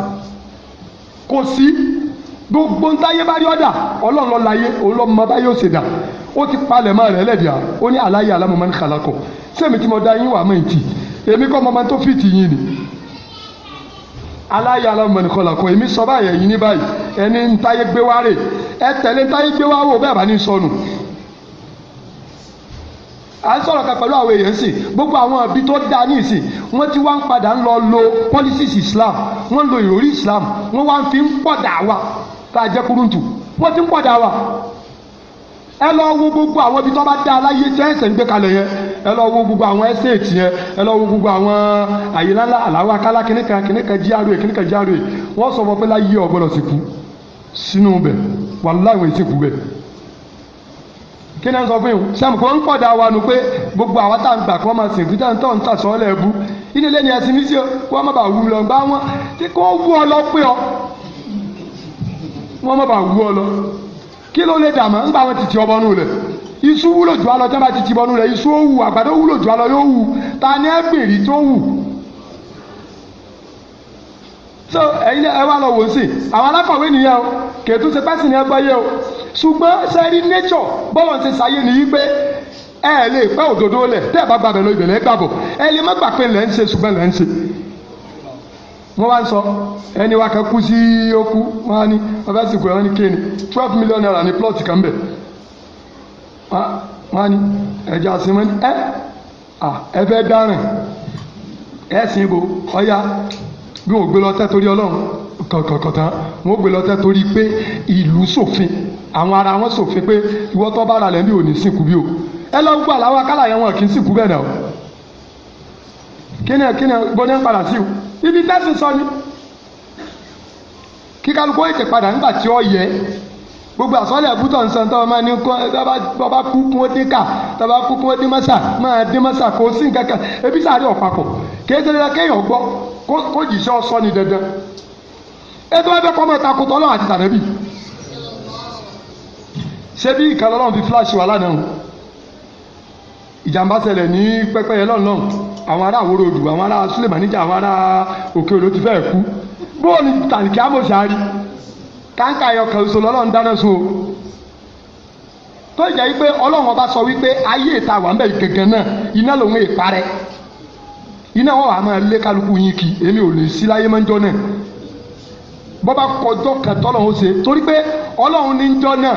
kò sí gbogbo ntáyé bá rí ọ̀dà ọlọ́run ló láyé òun ló mọ báyé ó ṣe dà ó ti palẹ̀ mọ́ rẹ̀ lẹ́dìá ó ní aláyé alámọ̀mọ́ ní kàlákọ̀ sẹ́mi tí mo da yín wà mọ́ ìtì èmi kọ́ mọ́mọ́ tó fìtì yín ni aláyé alámọ̀mọ́ ní kàlákọ̀ èmi sọ báyẹn yín ní báyìí ẹni ntáyé gbé wá rè ẹ tẹ̀lé ntáyé gbé wá wò bẹ́ẹ̀ bá ní sọnù à ń sọ̀rọ̀ kan pẹ̀lú àwọn èèyàn sì gbogbo àwọn ibi tó da ní ìsìn wọ́n ti wá ń padà ń lọ lo policies Islam wọ́n ń lo ìròrí Islam wọ́n wá ń fi ń pọ̀dà wa ká jẹ́ kúrúntù wọ́n ti ń pọ̀dà wa ẹ lọ wo gbogbo àwọn ibi tó bá dá aláyé tí ẹsẹ̀ ń gbé kalẹ̀ yẹn ẹ lọ wo gbogbo àwọn ẹ́sẹ̀tì yẹn ẹ lọ wo gbogbo àwọn àyíláńlá àláwọ̀ akálá kìnìkan kìnìkan GRA kìnìkan GRA wọ́n sọ fún pé láyé ọ̀gbọ́dọ̀ sì kú sínú bẹ̀ wàláhì wọ́n ti kú bẹ̀ kí náà sọ fún yìí sẹ́mu kò ń kọ̀dà wa nu pé gbogbo àwọn tá à ń gbà kí wọ́n máa sìnkú tá à ń tọ̀ ń tà sọ́ lẹ̀ bú ilé ilé ni ẹ̀sìn mi sí o kí wọ́n má bàa wú lọ gbá wọn kí kò wú ọ lọ pé ọ wọ́n má bàa wú ọ lọ kí ló lè dàmọ́ ń bá wọn tìtì ọbọ nù lẹ̀ iṣu wúlò jù alọ tí wọ́n bá tìtì bọ nù lẹ̀ iṣu ó wù àgbàdo wúlò jù alọ yóò wù ta ni ẹ gbèrè tó wù so ẹ̀yin ẹ wá lọ wò sí àwọn alákọ̀wé nìyẹn o kètù ṣe pẹ́sì ni ẹ yẹ o ṣùgbọ́n ṣe rí nature bọ́lọ̀ ti ṣàyè nìyí pé ẹ lè pẹ́ òdodo lẹ̀ tẹ́ ẹ bá gbàgbẹ́ lọ ibẹ̀ gbàbọ̀ ẹ lè má gbà pé lẹ́ ń ṣe ṣùgbọ́n lẹ́ ń ṣe wọ́n wá ń sọ ẹni kú sí okú wọ́n á ní ọba bí wọ́n gbé lọ́tẹ́ torí ọlọ́run kọ̀kọ̀kọ̀tán wọ́n gbé lọ́tẹ́ torí pé ìlú ṣòfin àwọn ara wọn ṣòfin pé ìwọ́ tó bá ra lẹ́ńbí ò ní sìnkú bí o ẹ lọ gbọ́ àláwọ̀ akálà yẹn wọn kì í sìnkú bẹ́ẹ̀ náà kí ni kí ni gbọ́dọ̀ ń padà sí o ibi tẹ́sí sọ ni kí kálukú ètè padà nígbà tí ó yẹ gbogbo àsọlẹ̀ ẹ̀bùtọ̀ nsọ̀n tó máa ní kọ́ bàbá kú kún ó dín kà bàbá kú kún ó dín mọ́sà máa dín mọ́sà kò sí nǹkan kan ebi sáré ọ̀pá kí ẹsẹ̀ lọ kéèyàn gbọ́ kó jìṣẹ́ ọsọ ni dandan ẹgbẹ́ wọn fẹ́ kọ́ mọ́ ìtakùtà ọlọ́run àti tànẹ́bì ṣé bí ìkànnì ọlọ́run fi fíláṣì wà lánàá ìjàmbá ṣẹlẹ̀ ní pẹ́pẹ́yẹ lọ́nà àwọn ará àwòrò odò àwọn ará sulemanija àwọn ará òkè odò ti fẹ́ẹ̀ kú bóò ni tàǹkì àmọ̀ṣárì káńkà ayọ̀kẹ́ oṣù lọ́lọ́run dáná sun o tó ìjà yìí pé ọlọ́run ọba sọ wípé ayé ìta wà ń bẹ̀ gẹ̀gẹ̀ náà iná lòun èèparẹ́ iná wọn wà á máa lé kálukú yín kí èmi ò lè sí láyé mọ́jọ́ náà bọ́bá kọjọ́ kan tọ́lọ́hún ṣe torí pé ọlọ́run ní jọ́ náà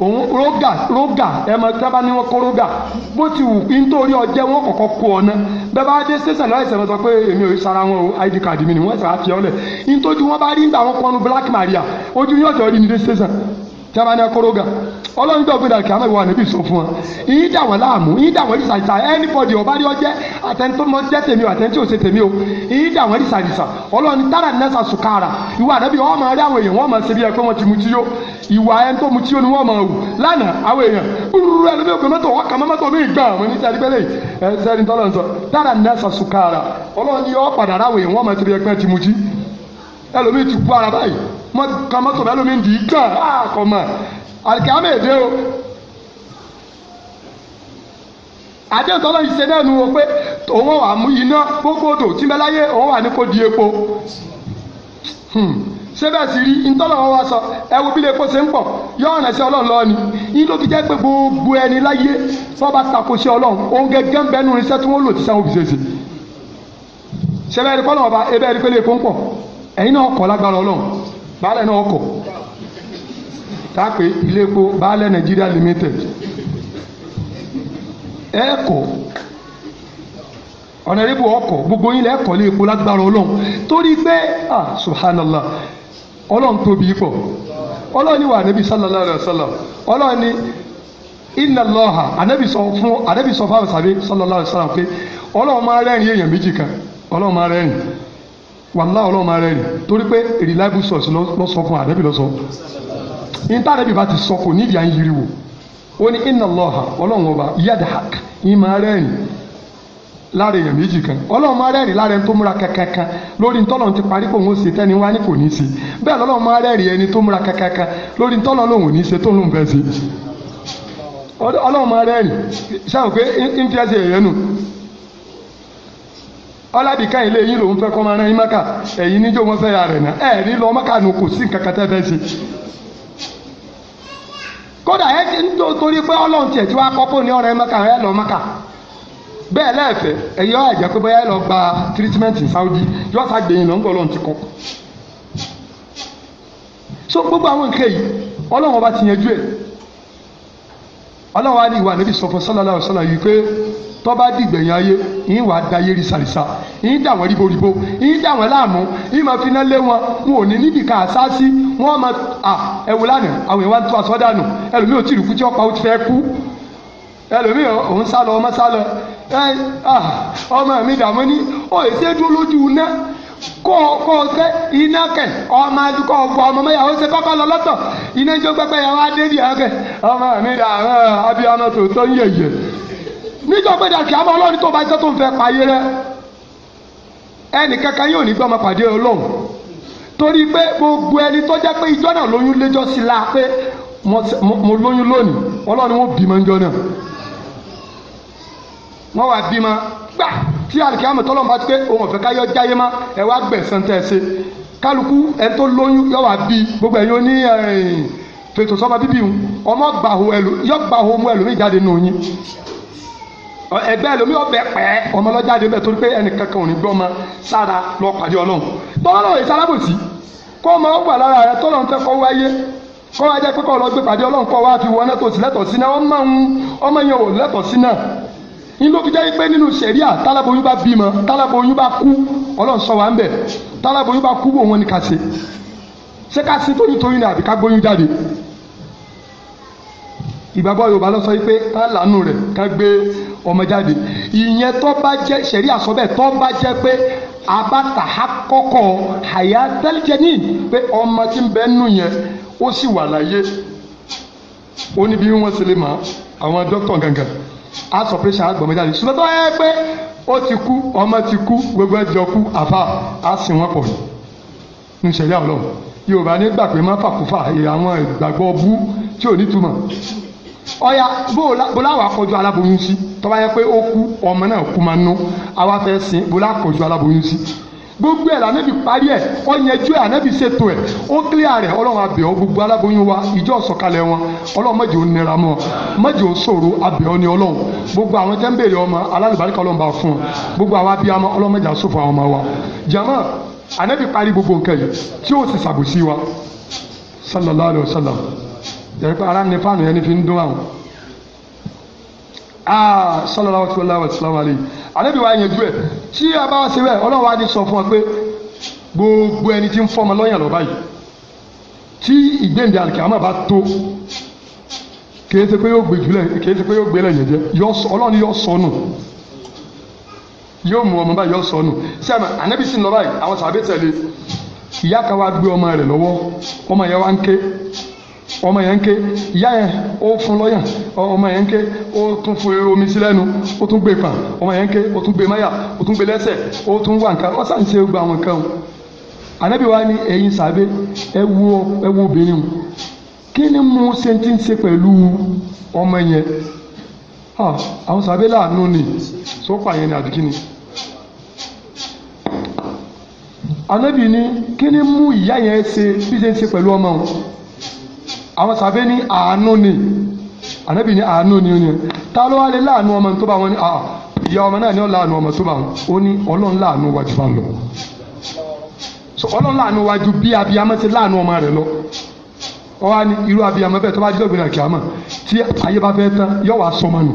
òun rógà rógà ẹ mọ tábà ní wọn kó rógà bó ti wù kí n tó rí ọjẹ wọn kọ́kọ́ kó ọ ná bẹ́ẹ̀ bá dé sẹsẹ lọ ẹsẹ mọtọ pé èmi ò sara wọn o id card mi ni wọn ẹsẹ àfihàn lẹ n tójú wọn bá rí ìgbà wọn kọnu Black Maria ojú yóò jọ rí ní dé sẹsẹ tí a bá ní akóró gan ọlọ́run gbọ́ gbẹ́dà kìá mẹ́wàá níbi ìsọ fún wa yìí dà láàmú yìí dà wọ́n rìsàrìsà anybody ọba àtẹnitọ́mọ jẹ́ tèmi o àtẹnití ò ṣe tèmi o yìí dà wọ́n ọlọ́run tára nẹ́sà sùkàrà ìwà àdẹ́bí wọ́n máa rí àwọn èèyàn wọ́n máa ṣe bí ẹ pé wọ́n ti ìwà ẹni tó ni wọ́n máa wù lánàá àwọn èèyàn kan mọ́tò bẹ́ẹ̀ lómi dì í kàn á kọ̀ mọ̀ àlìkàmẹ́ èdè o. àdéhùn tọ́lọ́ yìí ṣe náà nu wo pé òun wà mú iná gbogbo odò tí bẹ́ẹ̀ láyé òun wà ní kó di epo hmm. ṣé bẹ́ẹ̀ sì rí ntọ́lọ̀ wọn wá sọ ẹ wo bí lè kó ṣe ń pọ̀ yọ ọ̀nà sí ọlọ́run lọ ni yín ló fi jẹ́ pé gbogbo ẹni láyé wọ́n bá tako sí ọlọ́run òun gẹ́gẹ́ ń bẹ́nu irinṣẹ́ tí wọ́n lò ti sáwọn òbí ṣèṣe ṣé bẹ́ẹ̀ rí kọ́ lọ́wọ́ bá ebe ẹ̀rí pé lè ń pọ̀ ẹ̀yin náà kọ́ lágbára ọlọ́run baálẹ̀ náà taa tápé ilé epo baálẹ̀ Nigeria limited ẹkọ kọ̀ ọ̀nàdébò ọkọ, gbogbo yín lẹ́ẹ̀kọ́ lé epo lágbára ọlọ́run torí pé ah subhanallah ọlọ́run tóbi pọ̀ ọlọ́run ni wà níbi sallallahu alayhi wa sallam ọlọ́run ni inna Allaha ànábì sọ fún ànábì sọ fún àwọn sàbẹ sallallahu alayhi wa sallam pé ọlọ́run máa rẹ́rìn èèyàn méjì kan ọlọ́run wàhálà ọlọ́run máa rẹ̀ rì torí pé reliable source lọ sọ fún àdẹ́bí lọ sọ níta àdẹ́bí bá ti sọ kò nídìí à ń yiri wò ó ní inna Allaha ọlọ́run ọba yadhak ìmọ̀ rẹ̀ rì lára èèyàn méjì kan ọlọ́run máa rẹ́rìí lára ẹni tó múra kankankan lórí ntọ́lọ́run ti parí kò ń ṣe tẹ́ni wá ní kò ní ṣe bẹ́ẹ̀ lọ́lọ́run máa rẹ́rìí ẹni tó múra kankankan lórí ntọ́lọ́run lòun ò ní ṣe tó lóun bẹ́ẹ̀ ṣe ọlọ́run máa rẹ́rìí sáwọn pé ń fi ẹsẹ̀ ẹ̀yẹ́nu ọlábìkà ilé yín lòun fẹ́ kọ́ máa rán yín mọ́kà ẹ̀yin níjó wọn fẹ́ ya rẹ̀ náà ẹ̀ rí lọ mọ́kà nù kò sí nǹkan kan tẹ́ fẹ́ kódà ẹ ti ń torí pé ọlọ́run tiẹ̀ tí kọ́kọ́ ní ọ̀rẹ́ mọ́kà ẹ lọ mọ́kà bẹ́ẹ̀ lẹ́ẹ̀fẹ́ ẹ̀yọ́ àjẹ́ pé bóyá ẹ lọ gba treatment in Saudi yóò sá gbẹ̀yìn so gbogbo àwọn nǹkan yìí ọlọ́run ọba ti ọlọ́run wa ní ìwà níbi sọ fún sallallahu alaihi wasallam yìí pé tọ́ba dìgbẹ̀yìn ayé yìí wàá da yé risarisa yìí dà wọ́n ríboríbo yìí dà wọ́n láàmú yìí máa finá lé wọn wọn ò ní níbi ká àṣà sí wọn máa à ẹ wò lánàá àwọn èèyàn wá ń tó aṣọ dànù ẹlòmíì ò tí ì rúkú tí ọ̀pá ó ti fẹ́ kú ẹlòmíì òun sálọ ọmọ sálọ ẹ ọmọ mi dààmú ní ó èsè dúró lójú náà kó kó sẹ iná kẹ ọmọ adúgbò ọbọ ọmọ mẹyàwó ṣe kọkọ lọ lọ́tọ̀ iná jó pẹpẹ yẹn wá dé bìyà kẹ ọmọ mi dà abiyamọ tòótọ́ yẹyẹ níjọ gbẹdà kí abọ Ọlọ́run tó bá iṣẹ́ tó ń fẹ́ payé rẹ ẹnì kankan yóò ní gbọmọ pàdé Ọlọ́run torí pé gbogbo ẹni tó jẹ́ pé ìjọ náà lóyún léjọ sí la pé mo lóyún lónìí Ọlọ́run wọn bímọ ìjọ náà wọ́n wá bímọ gbà tí àlùkìyàmù tọ́lọ́mù bá ti pé òun ọ̀fẹ́ káyọ́ jáyé mọ́ ẹ wá gbẹ̀sán tẹ́ ẹ ṣe kálukú ẹ tó lóyún yọ wá bí gbogbo ẹ̀yin oní tòtò sọ́mọ bíbí ń ọmọ gbàhó ẹlò yọ gbàhó mú ẹlòmíì jáde nù yín ẹgbẹ́ ẹlòmíì ọbẹ̀ pẹ́ ọmọ lọ́jáde bẹ́ẹ̀ torí pé ẹnìkankan ò ní gbọ́ ọmọ sára lọ pàdé ọlọ́run tọ́lọ́run èyí sálábòsí kó ọmọ ọgbà lára rẹ tọ́lọ́run tẹ́ kọ́ wáyé kọ́ wáyé pé kọ́ lọ gbé pàdé ọlọ́run kọ́ wá fi wọnẹ́ lẹ́tọ̀ọ́sí náà ọmọ yẹn ò lẹ́tọ̀ọ́sí náà nínú òbí jẹ́ pé nínú sẹ̀ríà tálábòyún bá bímọ tálábòyún bá kú ọlọ́run sọ wá ń bẹ̀ tálábòyún bá kú òun ni ká ṣe ṣé ká ṣe tóyún tóyún ni àbí ká gbóyún jáde ìgbàgbọ́ yorùbá lọ sọ pé ká lànú rẹ̀ ká gbé ọmọ jáde ìyẹn tó bá jẹ́ sẹ̀ríà sọ bẹ́ẹ̀ tó bá jẹ́ pé abata akọkọ hayatẹ́lẹ́jẹ́ni pé ọmọ tí ń bẹ́ẹ̀ nù yẹn ó sì wà láyé ó níbi wọ́n ṣe lè mọ̀ àwọn dókítà gangan heart operation agbọ̀nmọ́ jáde ṣùgbọ́n tó yẹ pé ó ti kú ọmọ ti kú gbogbo ẹjọ kú àfa á sì wọ́n pọ̀ ní ìṣẹ̀lẹ̀ ọ̀lọ́ yorùbá ní gbà pé má fàkúfà àwọn ìgbàgbọ́ bú tí ò ní túmọ̀ ọ̀yà bólá wà kọjú aláboyún sí tó bá yẹ pé ó kú ọmọ náà kú máa nú àwa fẹ́ sin bólá kọjú aláboyún sí gbogbo ẹ̀ lànàbì parí ẹ̀ ọ̀yẹ́jú ẹ̀ ànàbì ṣètò ẹ̀ ó kílíà rẹ̀ ọlọ́run àbẹ̀ ọ́ gbogbo aláboyún wa ìjọ sọ̀kalẹ̀ wọn ọlọ́run mọ̀jẹ̀ ò nira mọ́ mọ̀jẹ̀ ò ṣòro àbẹ̀ ọ́ ni ọlọ́run gbogbo àwọn tẹ́ ń béèrè ọmọ alálùbáríkà ọlọ́run bá fún gbogbo àwọn abiyamọ ọlọ́run mọ̀jẹ̀ àsòfò àwọn ọmọ wa jama ànàbì parí gbogbo nǹkan yìí tí ó sì ṣàbòsí wa sallallahu alayhi wa sallam aa ah, sọlọlá wa sọlọlá wa sọlọlá wa lè anabi wa yẹn ju ẹ tí a bá ṣe bẹ́ẹ̀ Ọlọ́run wa ni sọ fún ọ pé gbogbo ẹni tí ń fọmọ lọ́yàn lọ báyìí tí ìgbéǹde ama bá tó kìí ṣe pé yóò gbé jùlẹ kìí ṣe pé yóò gbé lẹ́yìn jẹ Ọlọ́run yóò sọnù yóò mú ọmọ báyìí yóò sọnù sẹmọ anabi sì ń lọ báyìí àwọn sàbẹ tẹ̀lé ìyá kan wa gbé ọmọ rẹ̀ lọ́wọ́ ọmọ yẹn wa ń ké ọmọ yẹn ń ké ìyá o ó fún lọ́yàn ọmọ yẹn ń ké ó tún fún omi sí lẹ́nu ó tún gbé e pàn ọmọ yẹn ń ké ó tún gbé e máyà ó tún gbé o e ó tún wà nǹkan wọ́n sàn ṣe gba àwọn nǹkan o ànábì wa ni ẹ̀yin sàbẹ ẹ wo ẹ wo obìnrin o kí ni mo ṣe ti ń ṣe pẹ̀lú ọmọ yẹn àwọn sàbẹ láàánú ni sọ́pà yẹn ni àbíkí ni ànábì ni kí ni mú ìyá yẹn ṣe bí ṣe ń ṣe pẹ̀lú ọmọ wọn àwọn sàbẹ̀ ní àánú ni ànábì ní àánú ni ó ní ta ló wá lé láàánú ọmọ tó bá wọn ní àá ìyá ọmọ náà ni ó láàánú ọmọ tó bá wọn ó ní ọlọ́run láàánú wájú bá lọ so ọlọ́run láàánú wájú bí abiyamọ ti láàánú ọmọ rẹ lọ ọ wá ní irú abiyamọ bẹ́ẹ̀ tó bá dídọ̀gbìn náà kìámọ̀ tí ayé bá fẹ́ tán yọ wá sọmọ nù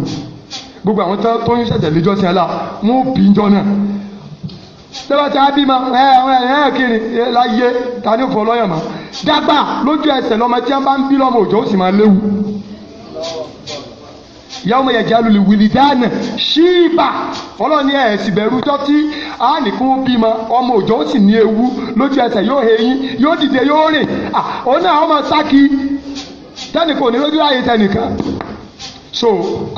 gbogbo àwọn tó ń ṣẹ̀ṣẹ̀ lẹ́jọ́ sí ẹ la wọn ò bí jọ náà tẹ́lá tí a bí ma ẹ kiri láyé ta ni fọlọ́yàn ma dàgbà lójú ẹsẹ̀ lọ́mọ tí wọ́n bá ń bí lọ́mọ òjò ó sì máa léwu. ìyàwó mi yẹ̀jẹ̀ alùlù wìlì dáná ṣíìbà ọlọ́ni ẹ̀ sì bẹ̀rù tọ́tí á nìkún bímọ ọmọ òjò ó sì ní ewu lójú ẹsẹ̀ yóò heyín yóò dìde yóò rìn òun náà ọmọ sákì tẹnìkan ò ní lójú láyé tẹnìkan so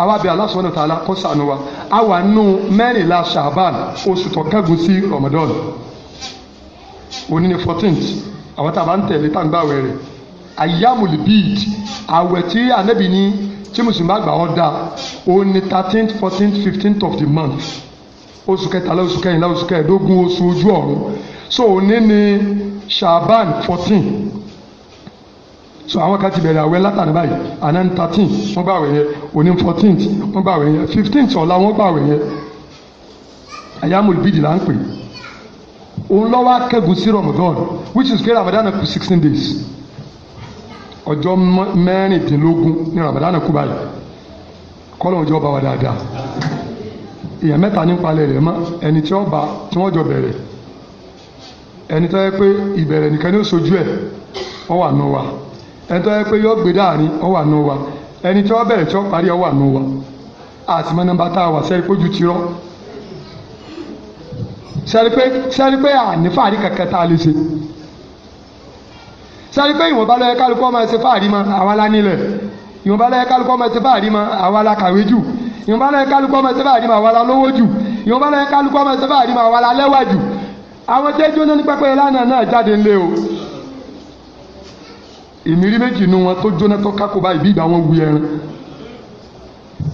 àwa bẹ Allah subhanahu wa ta'ala kó ṣàánú wa àwa nù mẹ́rìnlá Ṣàbàn oṣù tó kẹ́gùn sí Ramadan òní ni fourteenth àwọn tá a bá ń tẹ̀lé tá à ń gbàwẹ̀ rẹ̀ ayamul bid àwẹ̀ tí anabi ní tí mùsùlùmí bá gbà wọ́n dá òun ni thirteenth fourteenth fifteenth of the month oṣù kẹtàlá oṣù kẹyìnlá oṣù kẹẹ̀ẹ́dógún oṣù ojú ọ̀run so òní ni shaban fourteen so àwọn kan ti bẹ̀rẹ̀ àwẹ̀ látàrí báyìí àná ní thirteen wọ́n gbàwẹ̀ yẹn òní fourteenth wọ́n gbàwẹ̀ yẹn fifteenth ọ̀la wọ́n gbàwẹ̀ yẹn ayamul bid là ń pè é. òun lọ́wọ́ akẹ́gùn Ramadan which is pé Ramadan kù sixteen days ọjọ́ mẹ́rìndínlógún ní Ramadan kù báyìí kọ́lọ́hún jọ bá wa dáadáa èèyàn mẹ́ta nípa alẹ́ rẹ̀ mọ́ ẹni tí wọ́n bá tí wọ́n jọ bẹ̀rẹ̀ ẹni tó yẹ pé ìbẹ̀rẹ̀ ọ wa ẹni tó yẹ pé yọ gbé dáàrin ọ wà nù wa ẹni tí wọ́n bẹ̀rẹ̀ tí ọ wa àtìmọ́ a wà sẹ́yìn pójú tirọ́ sẹ́ni pé sẹ́ni pé àní fàárí kankan tá a lè ṣe sẹ́ni pé ìwọ̀nba lọ́yẹ kálukú ọmọ ẹsẹ̀ fàárí mọ àwa la nílẹ̀ ìwọ̀nba lọ́yẹ kálukú ọmọ ẹsẹ̀ fàárí mọ àwa la kàwé jù ìwọ̀nba lọ́yẹ kálukú ọmọ ẹsẹ̀ fàárí mọ àwa la lówó jù ìwọ̀nba lọ́yẹ kálukú ọmọ ẹsẹ̀ fàárí mọ àwa la lẹ́wà jù àwọn tẹ́jú ó ní pẹ́pẹ́ lánàá náà jáde ńlẹ̀ o ìmírí méjì nu wọn tó jóná tó kákó báyìí bí ìgbà wọn wu ẹran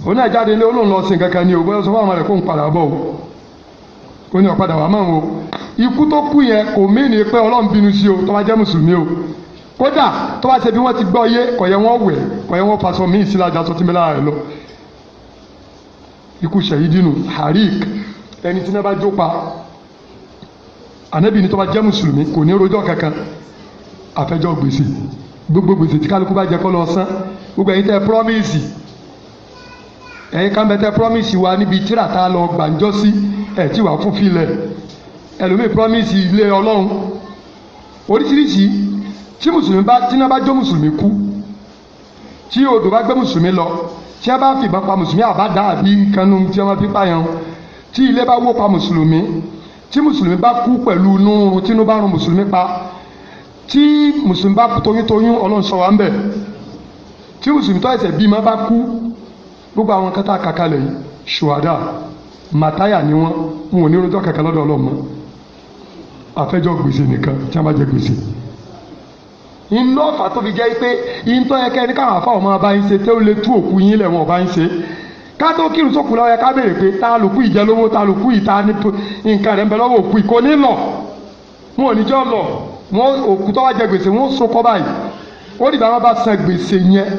òun náà jáde ńlẹ̀ ó kankan ni o bóyá sọ fún àwọn rẹ̀ kó ń padà bọ̀ o ó ní ọ̀padà wàá máa ń wo ikú tó kú yẹn kò mìíní pé ọlọ́run bínú sí o tó bá jẹ́ mùsùlùmí o kódà tó bá ṣe bí wọ́n ti gbọ́ yé kò yẹ wọ́n wẹ̀ kò yẹ wọ́n faṣọ míì sí lájà tó mẹ́lá rẹ̀ lọ. ikú ṣèyídìnnú harik ẹni tí náà bá jó pa ànábì ni tó bá jẹ́ mùsùlùmí kò ní rojọ́ kankan àfẹjọ́ gbèsè gbogbo gbèsè tí kálukú bá jẹ kọ́ lọ sán gbogbo ẹ̀yin tẹ́ promise ẹ̀yin kan bẹ́tẹ̀ promise wa níbi tíra lọ gbàǹjọ́ sí ẹ̀ tí wàá fún filẹ̀ ẹlòmíì promise ilé ọlọ́run oríṣiríṣi tí mùsùlùmí bá tí náà bá jó mùsùlùmí kú tí odò bá gbé mùsùlùmí lọ tí a bá fìbọn pa mùsùlùmí àbá dá àbí kanú tí wọ́n fi pààyàn tí ilé bá wó pa mùsùlùmí tí mùsùlùmí bá kú pẹ̀lú núurun tínú bá run mùsùlùmí pa tí mùsùlùmí bá kú toyúntoyún ọlọ́run ṣọ́ wa ń bẹ̀ tí mùsùlùmí tó ẹ̀sẹ̀ bímọ bá kú gbogbo àwọn kan tá a kàkà lẹ̀ yìí ṣùwádà màtáyà ni wọ́n wọn ò ní rojọ́ kankan lọ́dọ̀ ọlọ́mọ àfẹ́jọ́ gbèsè nìkan tí wọ́n bá jẹ gbèsè. iná ọ̀fà tó fi jẹ́ pé ìntọ́ yẹ kẹ́ ẹni káwọn afáwọn máa bá ń ṣe tẹ́ ó lè tú òkú yín lẹ̀ wọn ò bá ń ṣe ká tó kírun sókù lọ́wọ́ yẹ béèrè pé ta lòkú ìjẹlówó ta lòkú ìta nǹkan rẹ̀ ń bẹ lọ́wọ́ òkú ìkó ní lọ wọn ò ní jọ lọ òkú tó wá jẹ gbèsè wọn ó so kọ́ báyìí ó dìgbà wọn bá san gbèsè yẹn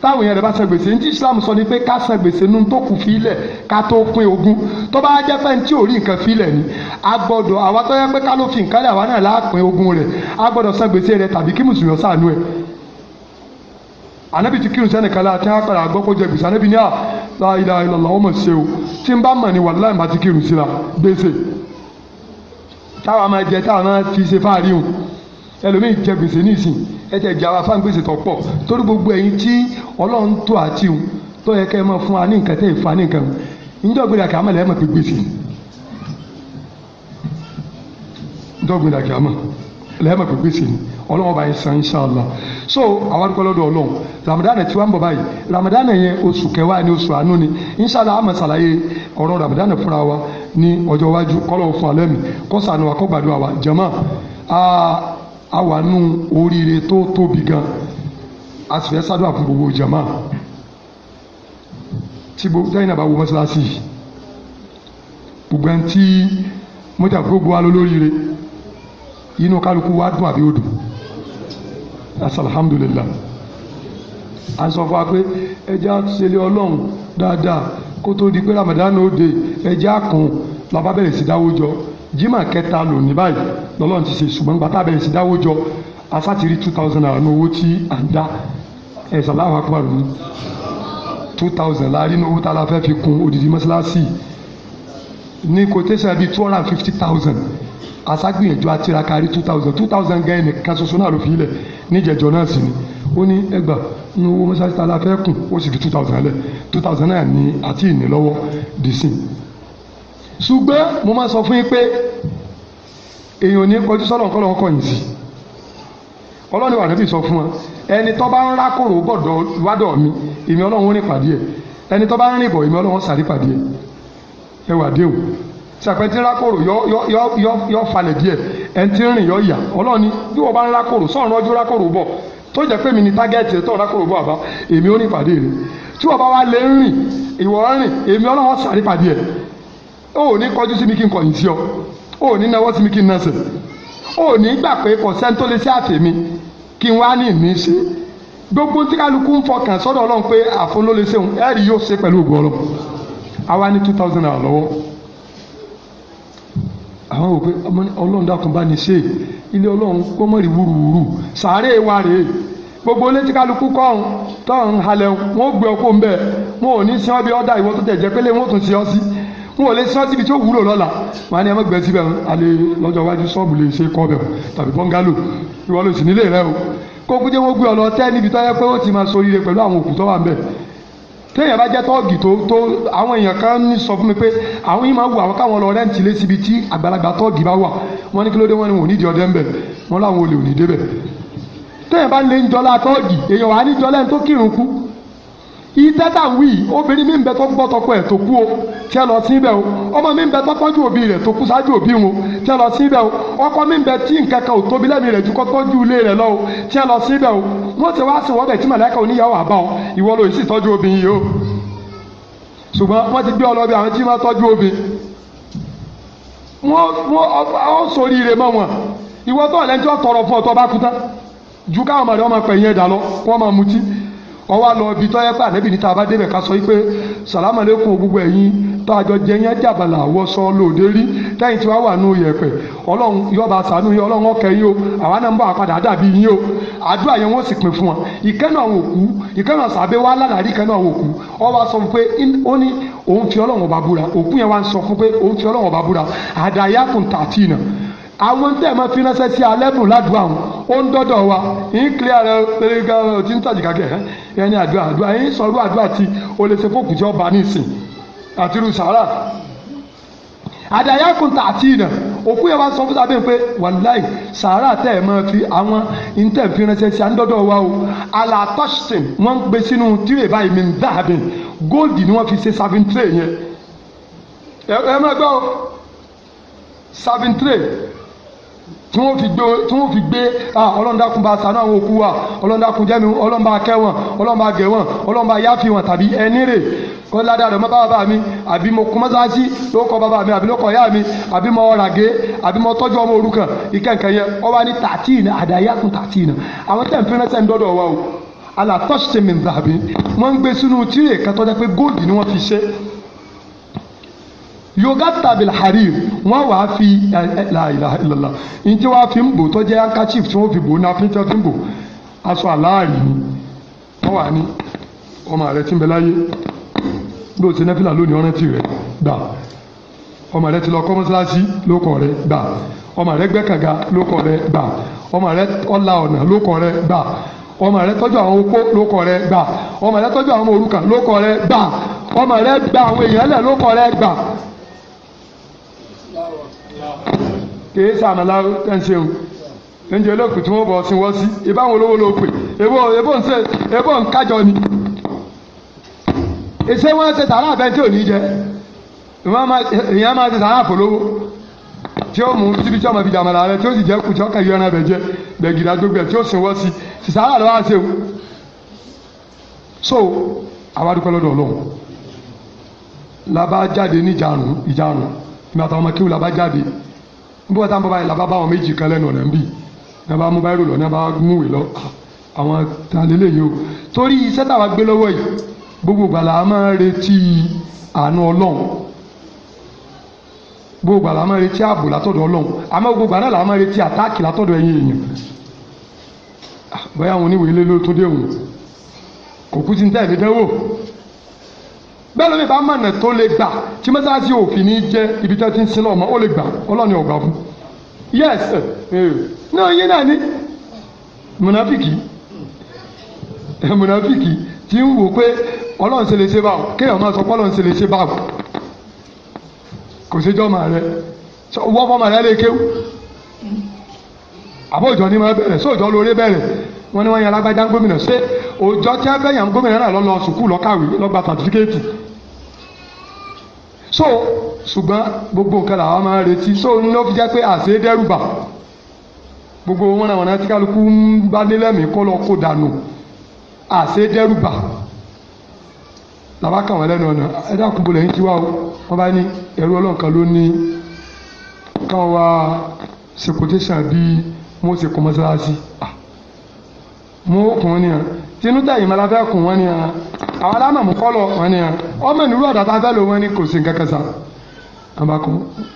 táwọn èèyàn rẹ̀ bá san gbèsè ní Islam sọ ni pé ká san gbèsè nu tó kù fílẹ̀ ká tó pín ogún tó bá jẹ́ fẹ́ tí ò rí nǹkan fílẹ̀ ni a gbọ́dọ̀ àwa tó yẹ pé ká ló fi nǹkan lẹ̀ àwa náà láàpín ogún rẹ̀ a gbọ́dọ̀ san gbèsè rẹ̀ tàbí kí mùsùlùmí ọ̀sánú ẹ̀ anabi ti kírun sẹ́nìkan láti á padà gbọ́ kó jẹ gbèsè anabi ní à ah, la ilaha illallah ọmọ ṣe o tí n bá mọ̀ ni wàláì má ti kírun sí la gbèsè táwa máa jẹ táwa máa fi ẹ̀jẹ̀ ìjà wa fáńgbèsè tó pọ̀ torí gbogbo ẹ̀yin tí ọlọ́run tó àti òun tó yẹ kẹ́ ẹ máa fún wa ní nǹkan tẹ́ ẹ fa ní nǹkan níjọ́ gbéra kí a mọ̀ lẹ́yìn mọ̀ pé gbèsè níjọ́ gbéra kí a mọ̀ lẹ́yìn mọ̀ pé gbèsè ni ọba yẹn san inṣàlá so àwọn adúgbò lọ́dọ̀ ọlọ́run ramadan tí wọ́n ń báyìí ramadan yẹn oṣù kẹwàá ni oṣù àánú ni inṣàlá àmọ̀ ṣàlàyé ọ̀rọ̀ ramadan fúnra wa ní ọjọ́ iwájú kọ́lọ́ fún alẹ́ mi kọ́sàánú wa kọ́gbàdúrà wa jàmá a wà nù oríire tó tóbi gan a sì fẹ́ sádùn àfún gbogbo jama tí gbogbo tẹ́yìn náà bá wo mọ́ṣáláṣí gbogbo ẹni tí mọ́tà gbogbo wa lólóríire inú kálukú wa dùn àbí odò asalhamdulilayi a sọ ẹja ṣẹlẹ Ọlọ́run dáadáa kó di pé Ramadan ó de ẹja kùn làbá bẹ̀rẹ̀ sí dáwọ́ jọ jimá kẹta lónìí báyìí lọ́lọ́run ti ṣe ṣùgbọ́n gbàtà bẹ̀rẹ̀ sí dáwọ́ jọ asátìrí two thousand naira ní owó tí à ń dá ẹ̀sán láwọn akọ́rọ̀ mi two thousand la rí ní owó tá a la fẹ́ fi kun odidi mọ́ṣáláṣí ní quotation bíi two hundred and fifty thousand aṣágbìyànjú atiraka rí two thousand two thousand gan ẹnìkan ṣoṣo náà ló fi ilẹ̀ níjẹ̀jọ́ náà sì ni ó ní ẹgbà ní owó mọ́ṣáláṣí tá a la fẹ́ kun ó sì fi two thousand lẹ̀ two thousand náà ni àti ìní dìísìn ṣùgbọ́n mo máa sọ fún yín pé èèyàn ní kọjú sọ́lọ̀ nǹkan lọ́wọ́ kọ̀yìn sí ọlọ́run wà níbi sọ fún wọn ẹni tó bá ń rákòrò bọ̀dọ̀ wádọ̀ mi èmi ọlọ́run rìn pàdé ẹ̀ ẹni tó bá ń rìn bọ̀ èmi ọlọ́run sàrí pàdé ẹ̀ ẹ wà dé o sàpẹ́ntì rákòrò yọ falẹ̀ díẹ̀ ẹni tí ń rìn yọ yà ọlọ́run bí wọ́n bá ń rákòrò sọ̀rọ̀ ọjọ́ rákòrò bọ̀ tó jẹ́ pé mi ní tágẹ́ẹ̀tì tó rákòrò bọ̀ àbá èmi ó rìn pàdé rẹ̀ tí wọ́n bá wá lè rìn ìwọ rìn èmi ọlọ́run sàrí pàdé ẹ̀ o ò ní kọjú sí mi kí n kọ̀yìn sí ọ o ò ní nawọ́ sí mi kí n nasẹ̀ o ò ní gbà pé kò sẹ́ni tó lè ṣe àtẹ̀mí kí n wá ní ìní ṣe gbogbo tí kálukú ń fọkàn sọ́dọ̀ ọlọ́run pé àfún ló lè ṣeun ẹ̀rí yóò ṣe pẹ̀lú ògbó ọlọ́run àwa ní two thousand naira lọ́wọ́ àwọn wò pé ọlọ́run dákun bá ní ṣe ilé ọlọ́run kó mọ̀ rí wúruwúru sàárè wa rèé gbogbo ilé tí kálukú kọ́ ọ̀hún tọ́ ọ̀hún halẹ̀ wọn ó gbé ọkọ̀ ńbẹ wọn ò ní sí ọ́ bí ọ́dà ìwọ́n tó tẹ̀ jẹ́ pélé wọn ó tún sí ọ sí n ò lè sọ síbi tí ó wúlò lọ́la wọn á ní ẹmọ gbẹ síbẹ̀ alẹ́ lọ́jọ́ iwájú ṣọ́ọ̀bù lè ṣe kọ́ bẹ̀rù tàbí bọ́ngálò ìwọ ló sì nílé rẹ o kókúndé wọn gbé ọlọ tẹ níbi tó yẹ pé ó ti máa soríire pẹ̀lú àwọn òkú tó wà ń bẹ̀ téèyàn bá jẹ́ tọ́ọ̀gì tó tó àwọn èèyàn kan ní sọ fún mi pé àwọn yìí máa wù àwọn káwọn lọ rẹ́ǹtì lé síbi tí àgbàlagbà tọ́ọ̀gì bá wà wọ́n ní kí ló dé wọ́n ní wọn ò nídìí ọdẹ ń bẹ̀ wọ́n láwọn olè ò ní débẹ̀ téèyàn bá lé ń jọlá tọ́ọ̀gì èèyàn wà á ní jọlá ẹni tó kírun kú iṣẹ́ tá à ń wí yìí obìnrin mi ń bẹ tó gbọ́ ẹ̀ tó kú o tí ẹ lọ o ọmọ mi ń bẹ tó tọ́jú òbí rẹ̀ tó kú sáájú òbí wọn tí ẹ lọ ọkọ mi ń bẹ tí nǹkan kan ò ju lọ o tí ẹ lọ o wọ́n ti wá sí wọ́n bẹ̀ tí oníyàwó àbá o ìwọ o ṣùgbọ́n wọ́n ti gbé ọlọ́bì àwọn tí wọ́n tọ́jú wọ́n wá lọ ibi tọ́yẹ́ pé ànábì níta bá débẹ̀ ká sọ wípé sàlámù alaykum gbogbo ẹ̀yin tá a jọ jẹ yẹn jàbàlà wọ́sọ lòdè rí tẹ́yìn tí wàá wà nù yẹ̀pẹ̀ ọlọ́run yọba sànú yín ọlọ́run ọkẹ́ yín o àwa náà ń bọ̀ àpadà dàbí yín o àdúrà yẹn wọ́n sì pín fún wọn ìkẹ́nu àwọn òkú ìkẹ́nu sàbẹ̀ wà lálàrí ìkẹ́nu àwọn òkú wọ́n sọ pé ó ní òun fi ọlọ́run ọba búra òkú yẹn wá ń sọ fún pé òun fi ọlọ́run ọba búra àdáyà kùn tààtì náà àwọn tẹ́ ẹ̀ máa fi ránṣẹ́ sí alẹ́bùn ládùúgbò àwọn ó ń dọ́dọ̀ wa yín kílẹ̀ rẹ péré gan ọ ti ń tàjìká kẹ̀ ẹ́ ní àdúrà àdúrà yín sọ̀rọ̀ àdúrà tí o lè ṣe fóòkù tí ọba ní ìsìn àti irú sàárà àdàyàkùn tààtì nà òkú yẹn wá sọ fún sábẹ́ pé wàláì sàárà tẹ́ ẹ̀ máa fi àwọn intẹ̀ fi ránṣẹ́ sí àńdọ́dọ̀ wa o alatọ́sítìn wọ́n ń gbé sínú tírè báyìí mi ń dáàbìn góòdì ni wọ́n fi tí wọ́n fi gbé tí wọ́n fi gbé ọlọ́ndàkùn bá ṣàánú àwọn òkú wa ọlọ́ndàkùn jẹ́mi ọlọ́nba kẹwọn ọlọ́nba gẹ̀wọ̀n ọlọ́nba yáfihàn tàbí ẹni rè kọ́ ládàá rẹ̀ mọ́ bàbá mi àbí mo kún mọ́sáàsì ló kọ́ bàbá mi àbí ló kọ́ ìyá mi àbí mo ràgé àbí mo tọ́jú ọmọ òrukàn ìkẹ́ǹkẹ́ yẹn ọ wá ní tààtì náà àdáyàkùn tààtì àwọn tẹ̀ ń fi ránṣẹ́ ń dọ́dọ̀ wa o alatọ́ṣe yogata bil harir wọ́n wàá fi ilàlá njẹ́ wàá fi ń bò tó jẹ́ tí wọ́n fi bò ní fi ń bò aṣọ aláàrí ni ọmọ rẹ ti ń bẹ láyé bí o ti nẹ́fìlà lónìí rẹ gbà ọmọ rẹ ti lọ kọ́ mọ́sálásí rẹ gbà ọmọ rẹ gbẹ́kànga lókọ̀ rẹ gbà ọmọ rẹ ọ̀la ọ̀nà lókọ̀ rẹ gbà ọmọ rẹ tọ́jú àwọn okó lókọ rẹ gbà ọmọ rẹ tọ́jú àwọn ọmọ òrukàn lókọ rẹ ọmọ rẹ àwọn èèyàn lẹ kèé sàmìlà tẹ̀síọ̀n ǹjẹ́ olóòkú tí wọ́n bọ̀ sí wọ́n sí ibà wọn olówó ló pè ebó ebó ń ebó ń kájọ ni ìṣe wọn ṣe tààrà abẹ tí ò ní jẹ ìyẹn máa ṣe tààrà tí ó mú síbi tí ọmọ fi jàmàlà rẹ tí ó sì o so àwa dúpẹ́ lọ́dọ̀ ọlọ́run jáde ní ìjànù ìjànù ìgbà níbo táwọn bàbá yẹn làbá bá àwọn méjì kan lẹ́nu ọ̀nà ń bì ní bá mú báyìí lọ ní bá mú ìwé lọ àwọn tàlélẹ̀ yìí o torí iṣẹ́ táwa gbé lọ́wọ́ yìí gbogbo gbàlà a máa retí àánú ọlọ́run gbogbo gbàlà a máa retí ààbò látọ̀dọ̀ ọlọ́run àmọ́ gbogbo gbàlà a máa retí àtáàkì látọ̀dọ̀ ẹ̀yin èèyàn ah, bóyá àwọn oníwèé lé ló dé òun kò kú sí ní tẹ́ẹ̀lẹ́dẹ́wò bẹ́ẹ̀ lómi bá mọ̀nà tó lè gbà tí mọ́sáàsì òfin ní jẹ́ ibi tó ti ń sin ọmọ ó lè gbà ọlọ́ni ọ̀gbà fún yes eh. náà yé náà ní mùnàfíkì eh, mùnàfíkì tí ń wò pé ọlọ́run ṣe lè ṣe báwò kéèyàn máa sọ pé ọlọ́run ṣe lè ṣe báwò kò séjọ́ màá rẹ wọ́n fọ́ màá rẹ lè kéwù àbójọ ni màá bẹ̀rẹ̀ sóòjọ́ lóore bẹ̀rẹ̀ wọ́n ní wọ́n yan alágbájá gómìnà ṣé òòjọ́ tí wọ́n fẹ́ yan gómìnà náà lọ lọ sùkúù lọ́kàwé lọ́gba sàtífíkẹ́ẹ̀tì so ṣùgbọ́n gbogbo nǹkan làwọn máa retí so ní ló fi jẹ́ pé àṣẹ dẹ́rùbà gbogbo wọn náà wọn náà tí kálukú ń bá nílẹ̀mí kó lọ kó dànù àṣẹ dẹ́rùbà làwọn kà wọ́n lẹ́nu ọ̀nà ẹ dákun bolẹ̀ ń tiwa o wọ́n bá ní ẹ̀rú ọlọ́nkan ló ní káwọn wá ṣe quotation bí ṣe kọ́ mọ́ṣáláṣí ah wọn ò kùn ní hàn tinúdà yìí mọ́lá fẹ́ kùn wọ́n ní hàn àwọn alámọ̀mú kọ́lọ̀ wọ́n ní hàn ọmọ ìnúrú àdàtà fẹ́ lò wọ́n ní kò sí nǹkan kẹsà